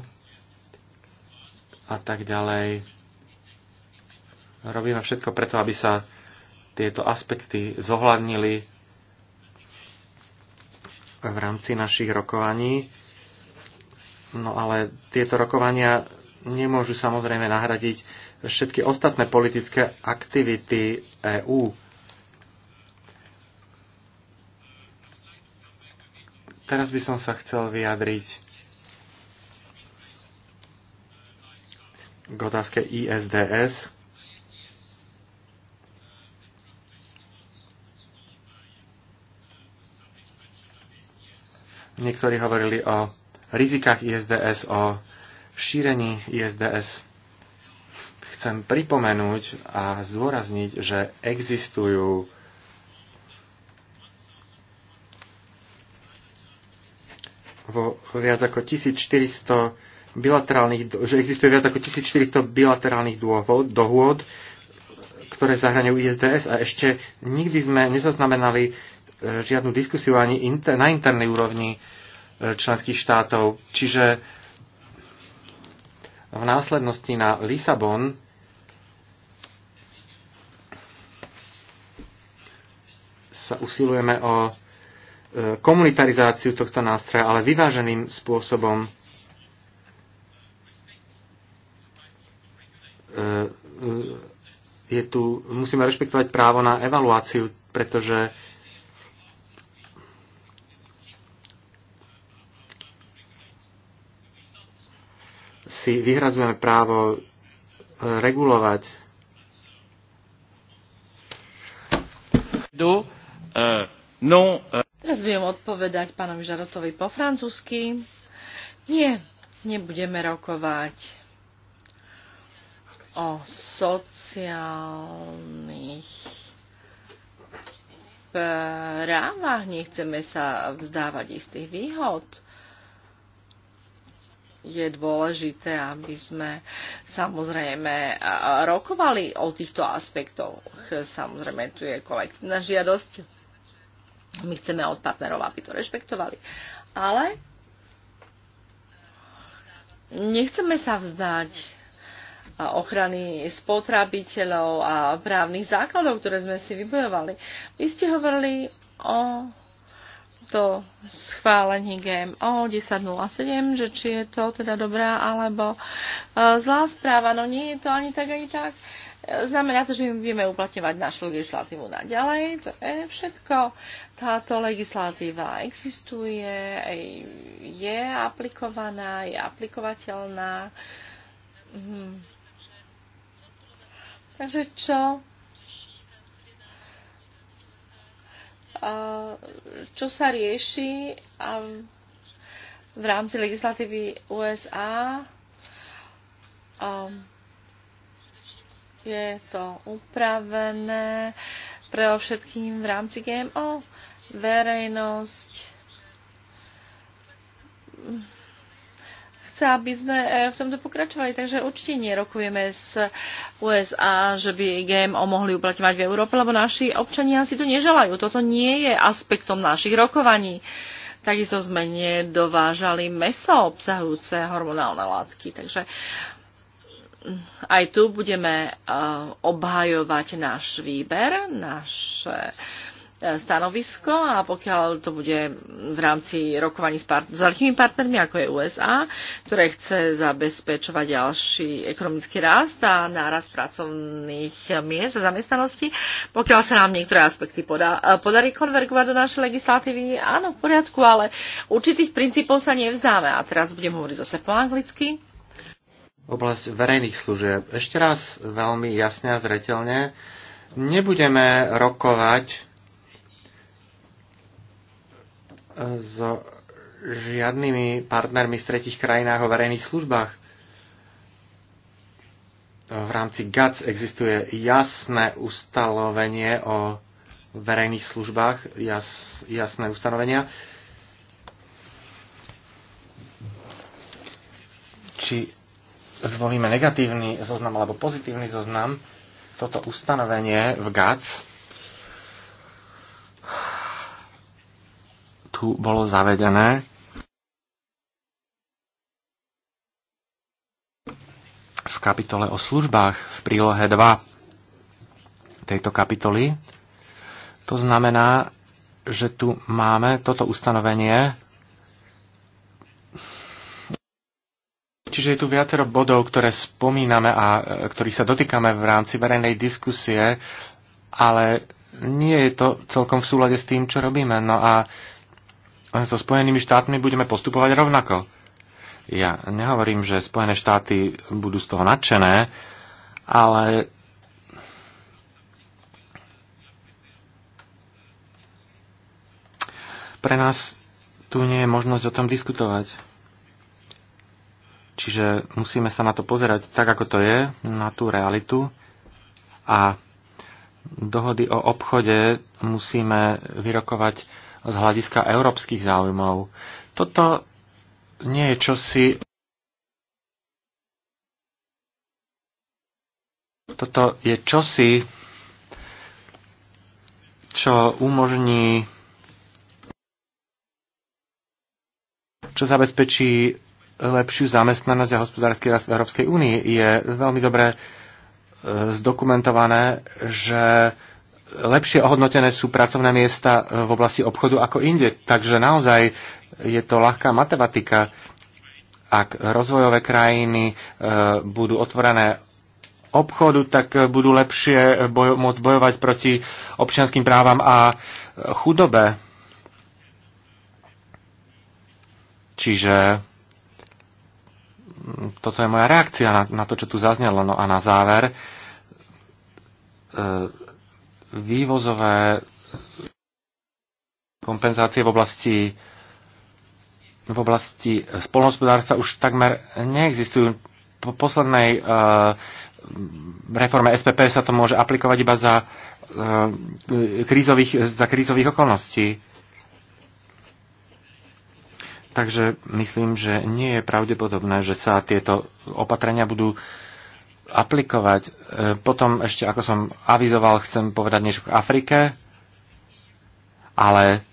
A: a tak ďalej. Robíme všetko preto, aby sa tieto aspekty zohľadnili v rámci našich rokovaní. No ale tieto rokovania nemôžu samozrejme nahradiť všetky ostatné politické aktivity EÚ Teraz by som sa chcel vyjadriť k otázke ISDS. Niektorí hovorili o rizikách ISDS, o šírení ISDS. Chcem pripomenúť a zdôrazniť, že existujú viac ako 1400 bilaterálnych, že existuje viac ako 1400 bilaterálnych dôvod, dohôd, ktoré zahraňujú ISDS a ešte nikdy sme nezaznamenali e, žiadnu diskusiu ani inter, na internej úrovni e, členských štátov. Čiže v následnosti na Lisabon sa usilujeme o E, komunitarizáciu tohto nástroja, ale vyváženým spôsobom e, e, je tu, musíme rešpektovať právo na evaluáciu, pretože si vyhradzujeme právo regulovať. Do, uh, non, uh...
C: Teraz budem odpovedať pánovi Žarotovi po francúzsky. Nie, nebudeme rokovať o sociálnych právach, nechceme sa vzdávať istých výhod. Je dôležité, aby sme samozrejme rokovali o týchto aspektoch. Samozrejme, tu je kolektívna žiadosť my chceme od partnerov, aby to rešpektovali. Ale nechceme sa vzdať ochrany spotrebiteľov a právnych základov, ktoré sme si vybojovali. Vy ste hovorili o to schválení GMO 10.07, že či je to teda dobrá alebo zlá správa. No nie je to ani tak, ani tak. Znamená to, že my budeme uplatňovať našu legislatívu naďalej. To je všetko. Táto legislatíva existuje, je aplikovaná, je aplikovateľná. Hm. Takže čo? Čo sa rieši v rámci legislatívy USA? Um, je to upravené pre všetkým v rámci GMO. Verejnosť chce, aby sme eh, v tomto pokračovali, takže určite nerokujeme s USA, že by GMO mohli uplatňovať v Európe, lebo naši občania si to neželajú. Toto nie je aspektom našich rokovaní. Takisto sme nedovážali meso obsahujúce hormonálne látky, takže aj tu budeme e, obhajovať náš výber, naše e, stanovisko a pokiaľ to bude v rámci rokovaní s, part- s veľkými partnermi, ako je USA, ktoré chce zabezpečovať ďalší ekonomický rast a nárast pracovných miest a zamestnanosti, pokiaľ sa nám niektoré aspekty poda- e, podarí konvergovať do našej legislatívy, áno, v poriadku, ale určitých princípov sa nevzdáme. A teraz budem hovoriť zase po anglicky
A: oblasť verejných služieb. Ešte raz veľmi jasne a zretelne, nebudeme rokovať eh, so žiadnymi partnermi v tretich krajinách o verejných službách. V rámci GATS existuje jasné ustanovenie o verejných službách, jas, jasné ustanovenia. Či zvolíme negatívny zoznam alebo pozitívny zoznam, toto ustanovenie v GAC. tu bolo zavedené v kapitole o službách v prílohe 2 tejto kapitoly. To znamená, že tu máme toto ustanovenie Čiže je tu viacero bodov, ktoré spomíname a e, ktorých sa dotýkame v rámci verejnej diskusie, ale nie je to celkom v súlade s tým, čo robíme. No a so Spojenými štátmi budeme postupovať rovnako. Ja nehovorím, že Spojené štáty budú z toho nadšené, ale pre nás tu nie je možnosť o tom diskutovať. Čiže musíme sa na to pozerať tak, ako to je, na tú realitu. A dohody o obchode musíme vyrokovať z hľadiska európskych záujmov. Toto nie je čosi. Toto je čosi, čo umožní, čo zabezpečí lepšiu zamestnanosť a hospodársky rast v Európskej únii. Je veľmi dobre e, zdokumentované, že lepšie ohodnotené sú pracovné miesta e, v oblasti obchodu ako inde. Takže naozaj je to ľahká matematika. Ak rozvojové krajiny e, budú otvorené obchodu, tak budú lepšie bojo- môcť bojovať proti občianským právam a chudobe. Čiže toto je moja reakcia na, na to, čo tu zaznelo. No a na záver, e, vývozové kompenzácie v oblasti v oblasti spolnohospodárstva už takmer neexistujú. Po poslednej e, reforme SPP sa to môže aplikovať iba za, e, krízových, za krízových okolností. Takže myslím, že nie je pravdepodobné, že sa tieto opatrenia budú aplikovať. E, potom ešte, ako som avizoval, chcem povedať niečo k Afrike, ale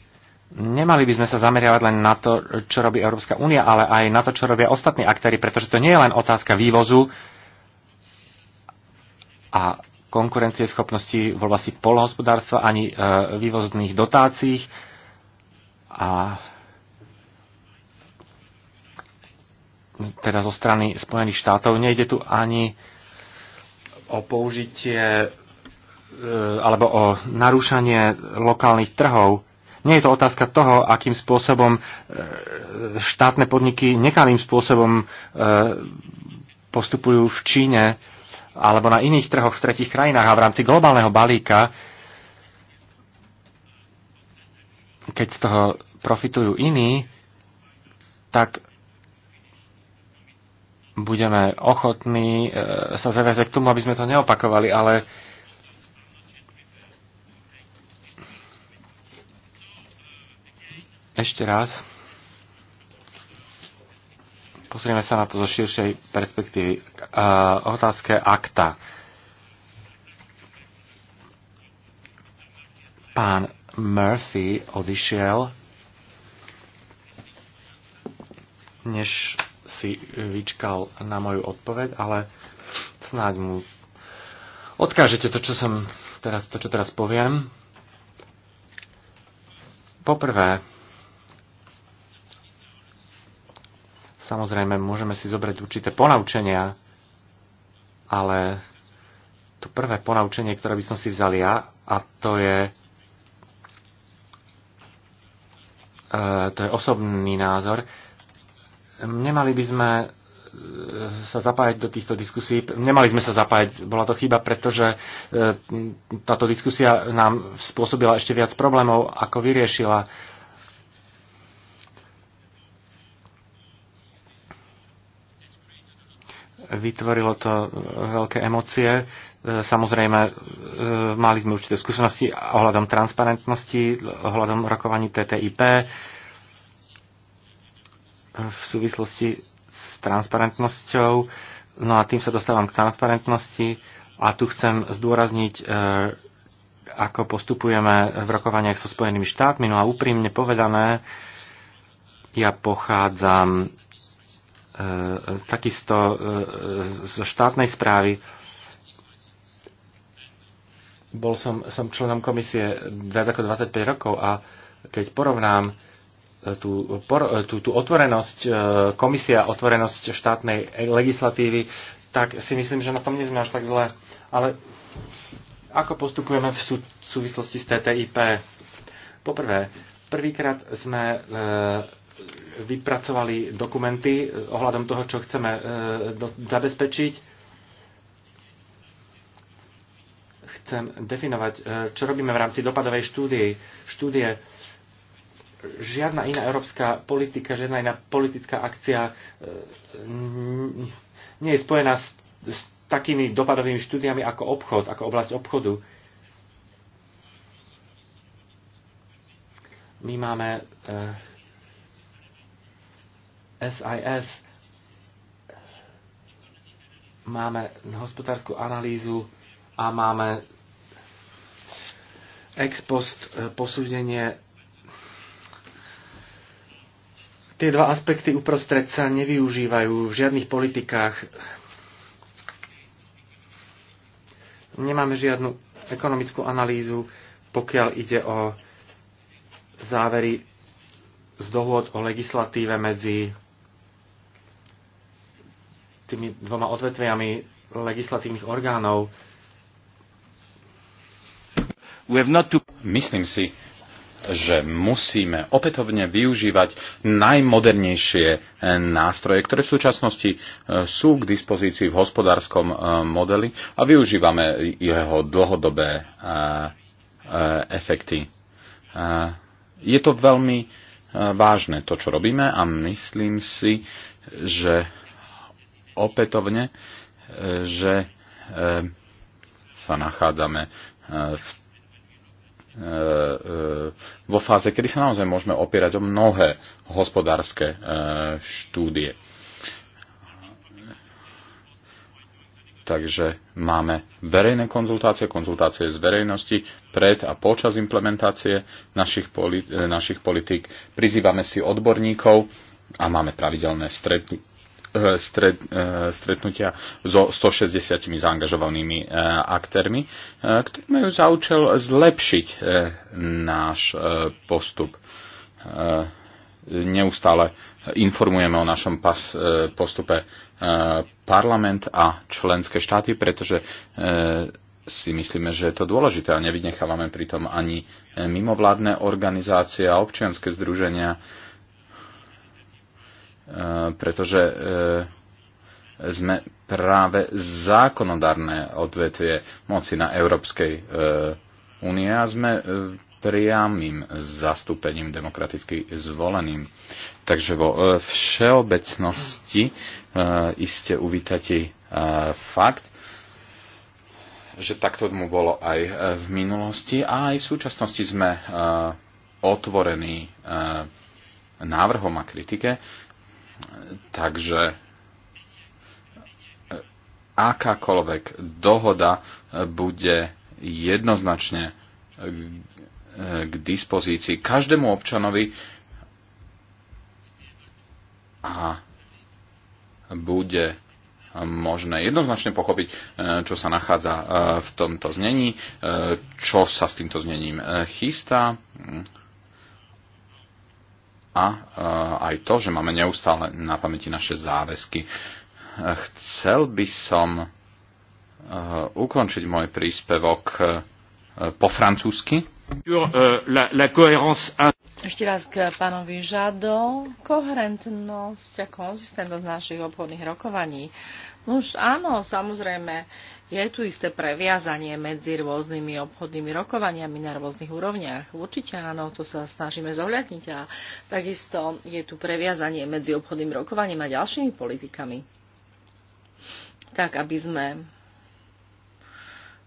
A: nemali by sme sa zameriavať len na to, čo robí Európska únia, ale aj na to, čo robia ostatní aktéry, pretože to nie je len otázka vývozu a konkurencie schopnosti v oblasti polnohospodárstva ani e, vývozných dotácií a teda zo strany Spojených štátov. Nejde tu ani o použitie e, alebo o narúšanie lokálnych trhov. Nie je to otázka toho, akým spôsobom e, štátne podniky nekalým spôsobom e, postupujú v Číne alebo na iných trhoch v tretich krajinách a v rámci globálneho balíka, keď z toho profitujú iní, tak budeme ochotní e, sa zaviazať k tomu, aby sme to neopakovali, ale ešte raz pozrieme sa na to zo širšej perspektívy. Uh, otázke akta. Pán Murphy odišiel, než si vyčkal na moju odpoveď, ale snáď mu odkážete to, čo, som teraz, to, čo teraz poviem. Poprvé, samozrejme, môžeme si zobrať určité ponaučenia, ale to prvé ponaučenie, ktoré by som si vzal ja, a to je, e, to je osobný názor, Nemali by sme e, sa zapájať do týchto diskusí. Nemali sme sa zapájať, bola to chyba, pretože e, táto diskusia nám spôsobila ešte viac problémov, ako vyriešila. Vytvorilo to veľké emócie. E, samozrejme, mali sme určité skúsenosti ohľadom transparentnosti, ohľadom rokovaní TTIP v súvislosti s transparentnosťou. No a tým sa dostávam k transparentnosti a tu chcem zdôrazniť, e, ako postupujeme v rokovaniach so Spojenými štátmi. No a úprimne povedané, ja pochádzam e, takisto e, zo štátnej správy. Bol som, som členom komisie viac ako 25 rokov a keď porovnám tú, tú, tú otvorenosť e, komisia, otvorenosť štátnej legislatívy, tak si myslím, že na tom nie sme až tak zle. Ale ako postupujeme v sú, súvislosti s TTIP? Poprvé, prvýkrát sme e, vypracovali dokumenty ohľadom toho, čo chceme e, do, zabezpečiť. chcem definovať, e, čo robíme v rámci dopadovej štúdie. štúdie žiadna iná európska politika, žiadna iná politická akcia e, nie je spojená s, s takými dopadovými štúdiami ako obchod, ako oblasť obchodu. My máme SIS, e, máme hospodárskú analýzu a máme ex post e, posúdenie Tie dva aspekty uprostred sa nevyužívajú v žiadnych politikách. Nemáme žiadnu ekonomickú analýzu, pokiaľ ide o závery z dohôd o legislatíve medzi tými dvoma odvetviami legislatívnych orgánov.
B: Myslím si, že musíme opätovne využívať najmodernejšie e, nástroje, ktoré v súčasnosti e, sú k dispozícii v hospodárskom e, modeli a využívame jeho dlhodobé efekty. Je to veľmi vážne to, čo robíme a myslím si, že opätovne, že sa nachádzame v E, e, vo fáze, kedy sa naozaj môžeme opierať o mnohé hospodárske e, štúdie. Takže máme verejné konzultácie, konzultácie z verejnosti pred a počas implementácie našich, politi- našich politík. Prizývame si odborníkov a máme pravidelné stretnutie Eh, stret, eh, stretnutia so 160 zaangažovanými eh, aktérmi, ktorí majú za účel zlepšiť náš postup. Neustále informujeme o našom pas, postupe parlament a členské štáty, pretože si myslíme, že je to dôležité a nevynechávame pritom ani mimovládne organizácie a občianske združenia, Eh, pretože eh, sme práve zákonodárne odvetvie moci na Európskej eh, únie a sme priamým zastúpením demokraticky zvoleným. Takže vo všeobecnosti iste uvítate fakt, že takto mu bolo aj v minulosti a aj v súčasnosti sme otvorení návrhom a kritike Takže akákoľvek dohoda bude jednoznačne k dispozícii každému občanovi a bude možné jednoznačne pochopiť, čo sa nachádza eh, v tomto znení, eh, čo sa s týmto znením eh, chystá a eh, aj to, že máme neustále na pamäti naše záväzky. Eh, chcel by som eh, ukončiť môj príspevok po francúzsky.
C: Ešte raz k pánovi Žado. Koherentnosť a konzistentnosť našich obchodných rokovaní. Nož áno, samozrejme, je tu isté previazanie medzi rôznymi obchodnými rokovaniami na rôznych úrovniach. Určite áno, to sa snažíme zohľadniť a takisto je tu previazanie medzi obchodným rokovaním a ďalšími politikami. Tak, aby sme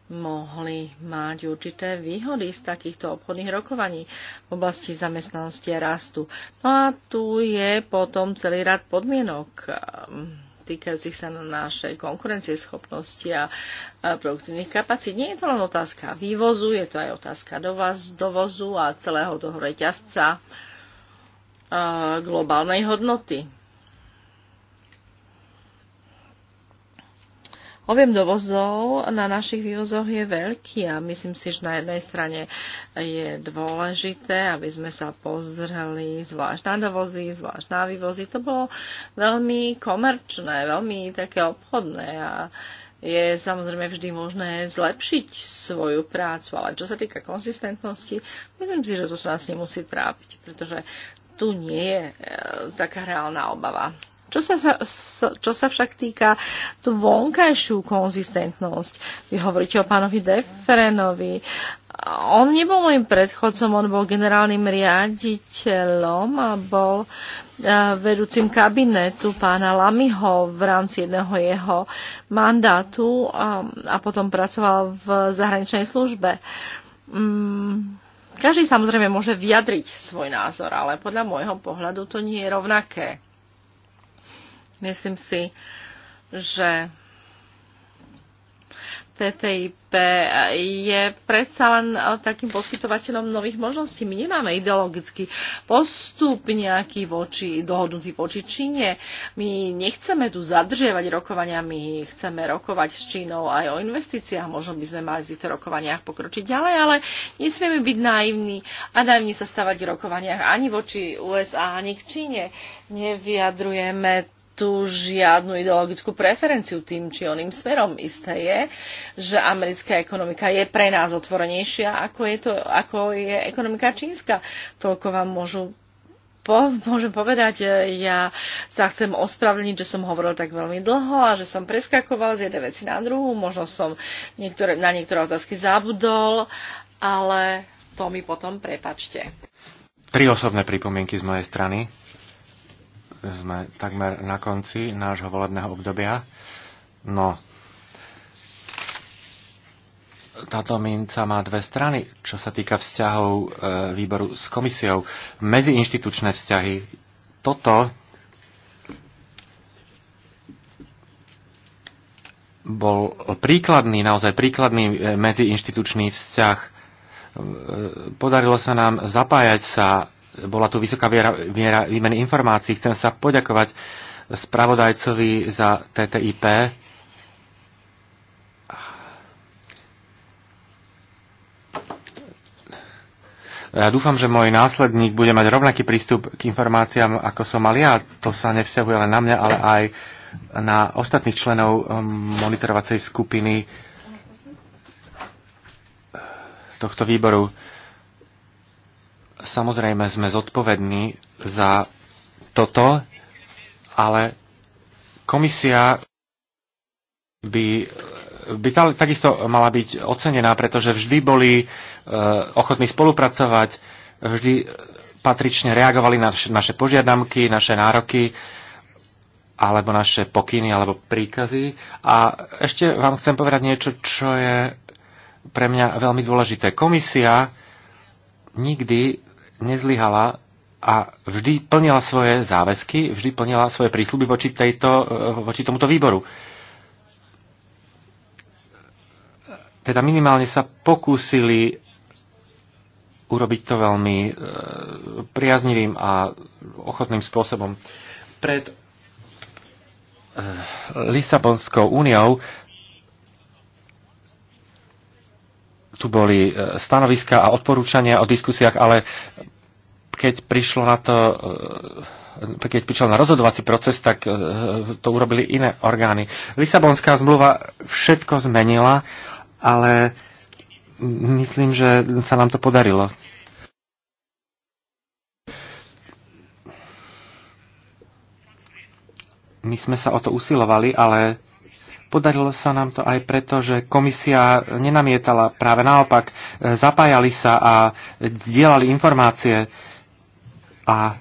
C: mohli mať určité výhody z takýchto obchodných rokovaní v oblasti zamestnanosti a rastu. No a tu je potom celý rad podmienok týkajúcich sa na našej konkurencieschopnosti a produktívnych kapacít. Nie je to len otázka vývozu, je to aj otázka dovozu a celého toho reťazca globálnej hodnoty. Objem dovozov na našich vývozoch je veľký a myslím si, že na jednej strane je dôležité, aby sme sa pozreli zvlášť na dovozy, zvlášť na vývozy. To bolo veľmi komerčné, veľmi také obchodné a je samozrejme vždy možné zlepšiť svoju prácu, ale čo sa týka konzistentnosti, myslím si, že to sa nás nemusí trápiť, pretože tu nie je e, taká reálna obava. Čo sa, čo sa však týka tú vonkajšiu konzistentnosť, vy hovoríte o pánovi Deferenovi, on nebol môjim predchodcom, on bol generálnym riaditeľom a bol e, vedúcim kabinetu pána Lamyho v rámci jedného jeho mandátu a, a potom pracoval v zahraničnej službe. Mm. Každý samozrejme môže vyjadriť svoj názor, ale podľa môjho pohľadu to nie je rovnaké. Myslím si, že TTIP je predsa len eh, takým poskytovateľom nových možností. My nemáme ideologický postup nejaký voči, dohodnutý voči Číne. My nechceme tu zadržiavať rokovania, my chceme rokovať s Čínou aj o investíciách. Možno by sme mali v týchto rokovaniach pokročiť ďalej, ale nesmieme byť naivní a naivní sa stavať v rokovaniach ani voči USA, ani k Číne. Nevyjadrujeme tu žiadnu ideologickú preferenciu tým či oným smerom. Isté je, že americká ekonomika je pre nás otvorenejšia, ako je, to, ako je ekonomika čínska. Toľko vám môžu po, môžem povedať, e, ja sa chcem ospravedlniť, že som hovoril tak veľmi dlho a že som preskakoval z jednej veci na druhú, možno som niektoré, na niektoré otázky zabudol, ale to mi potom prepačte.
A: Tri osobné pripomienky z mojej strany. Sme takmer na konci nášho volebného obdobia. No, táto minca má dve strany, čo sa týka vzťahov e, výboru s komisiou. Medziinštitučné vzťahy. Toto bol príkladný, naozaj príkladný e, medziinštitučný vzťah. E, podarilo sa nám zapájať sa bola tu vysoká viera, viera výmeny informácií. Chcem sa poďakovať spravodajcovi za TTIP. Ja dúfam, že môj následník bude mať rovnaký prístup k informáciám, ako som mal ja. To sa nevzťahuje len na mňa, ale aj na ostatných členov um, monitorovacej skupiny tohto výboru. Samozrejme sme zodpovední za toto, ale komisia by, by takisto mala byť ocenená, pretože vždy boli e, ochotní spolupracovať, vždy patrične reagovali na naše požiadamky, naše nároky alebo naše pokyny alebo príkazy. A ešte vám chcem povedať niečo, čo je pre mňa veľmi dôležité. Komisia nikdy nezlyhala a vždy plnila svoje záväzky, vždy plnila svoje prísľuby voči, tejto, eh, voči tomuto výboru. Teda minimálne sa pokúsili urobiť to veľmi eh, priaznivým a ochotným spôsobom. Pred eh, Lisabonskou úniou tu boli e, stanoviska a odporúčania o diskusiách, ale keď prišlo na to e, keď prišiel na rozhodovací proces, tak e, to urobili iné orgány. Lisabonská zmluva všetko zmenila, ale myslím, že sa nám to podarilo. My sme sa o to usilovali, ale Podarilo sa nám to aj preto, že komisia nenamietala, práve naopak, e, zapájali sa a dielali informácie a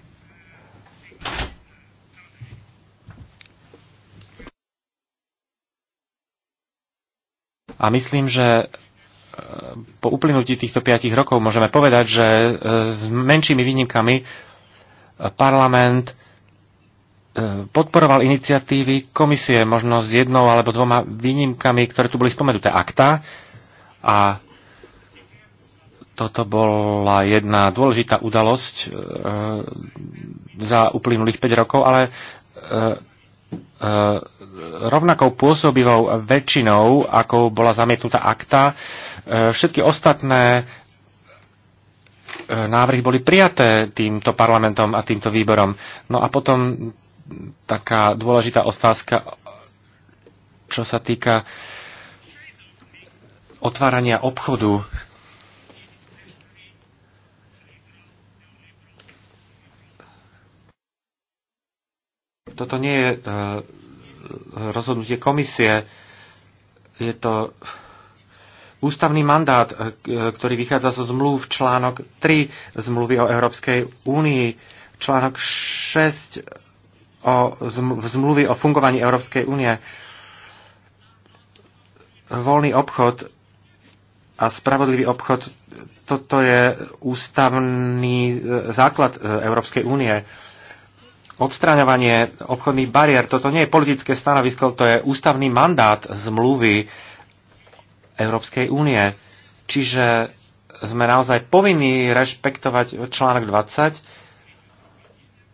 A: A myslím, že e, po uplynutí týchto piatich rokov môžeme povedať, že e, s menšími výnimkami parlament podporoval iniciatívy komisie, možno s jednou alebo dvoma výnimkami, ktoré tu boli spomenuté. Akta a toto bola jedna dôležitá udalosť e, za uplynulých 5 rokov, ale e, e, rovnakou pôsobivou väčšinou, ako bola zamietnutá akta, e, všetky ostatné e, návrhy boli prijaté týmto parlamentom a týmto výborom. No a potom taká dôležitá otázka, čo sa týka otvárania obchodu. Toto nie je e, rozhodnutie komisie, je to ústavný mandát, e, ktorý vychádza zo zmluv článok 3 zmluvy o Európskej únii, článok 6 o zmluvy o fungovaní Európskej únie. Voľný obchod a spravodlivý obchod, toto je ústavný e, základ e, Európskej únie. Odstraňovanie obchodných bariér, toto nie je politické stanovisko, to je ústavný mandát zmluvy Európskej únie. Čiže sme naozaj povinní rešpektovať článok 20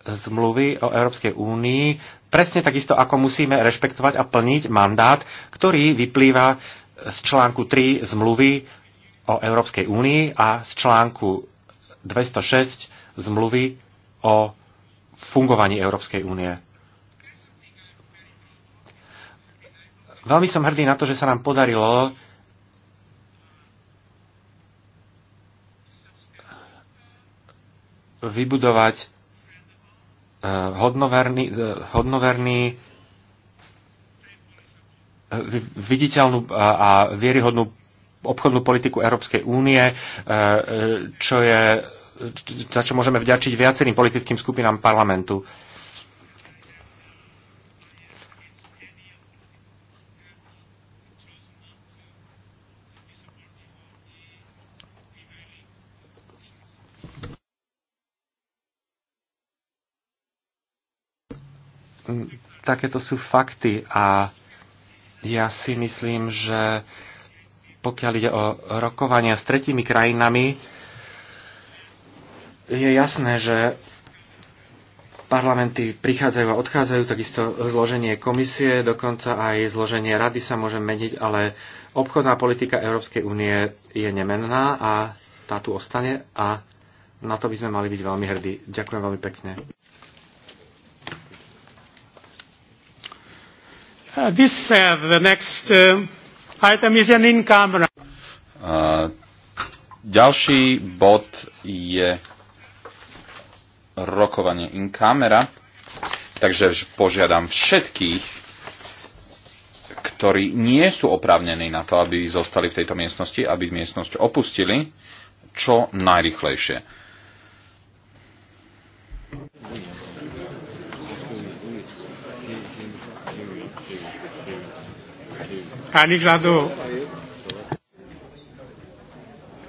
A: zmluvy o Európskej únii, presne takisto ako musíme rešpektovať a plniť mandát, ktorý vyplýva z článku 3 zmluvy o Európskej únii a z článku 206 zmluvy o fungovaní Európskej únie. Veľmi som hrdý na to, že sa nám podarilo vybudovať hodnoverný, hodnoverný eh, viditeľnú a vieryhodnú obchodnú politiku Európskej únie, eh, čo je, za čo môžeme vďačiť viacerým politickým skupinám parlamentu. takéto sú fakty a ja si myslím, že pokiaľ ide o rokovania s tretími krajinami, je jasné, že parlamenty prichádzajú a odchádzajú, takisto zloženie komisie, dokonca aj zloženie rady sa môže meniť, ale obchodná politika Európskej únie je nemenná a tá tu ostane a na to by sme mali byť veľmi hrdí. Ďakujem veľmi pekne. Uh, this uh, the next uh, item is an in camera.
B: Uh, ďalší bod je rokovanie in camera, takže požiadam všetkých, ktorí nie sú oprávnení na to, aby zostali v tejto miestnosti, aby miestnosť opustili čo najrychlejšie.
A: Ani žadu.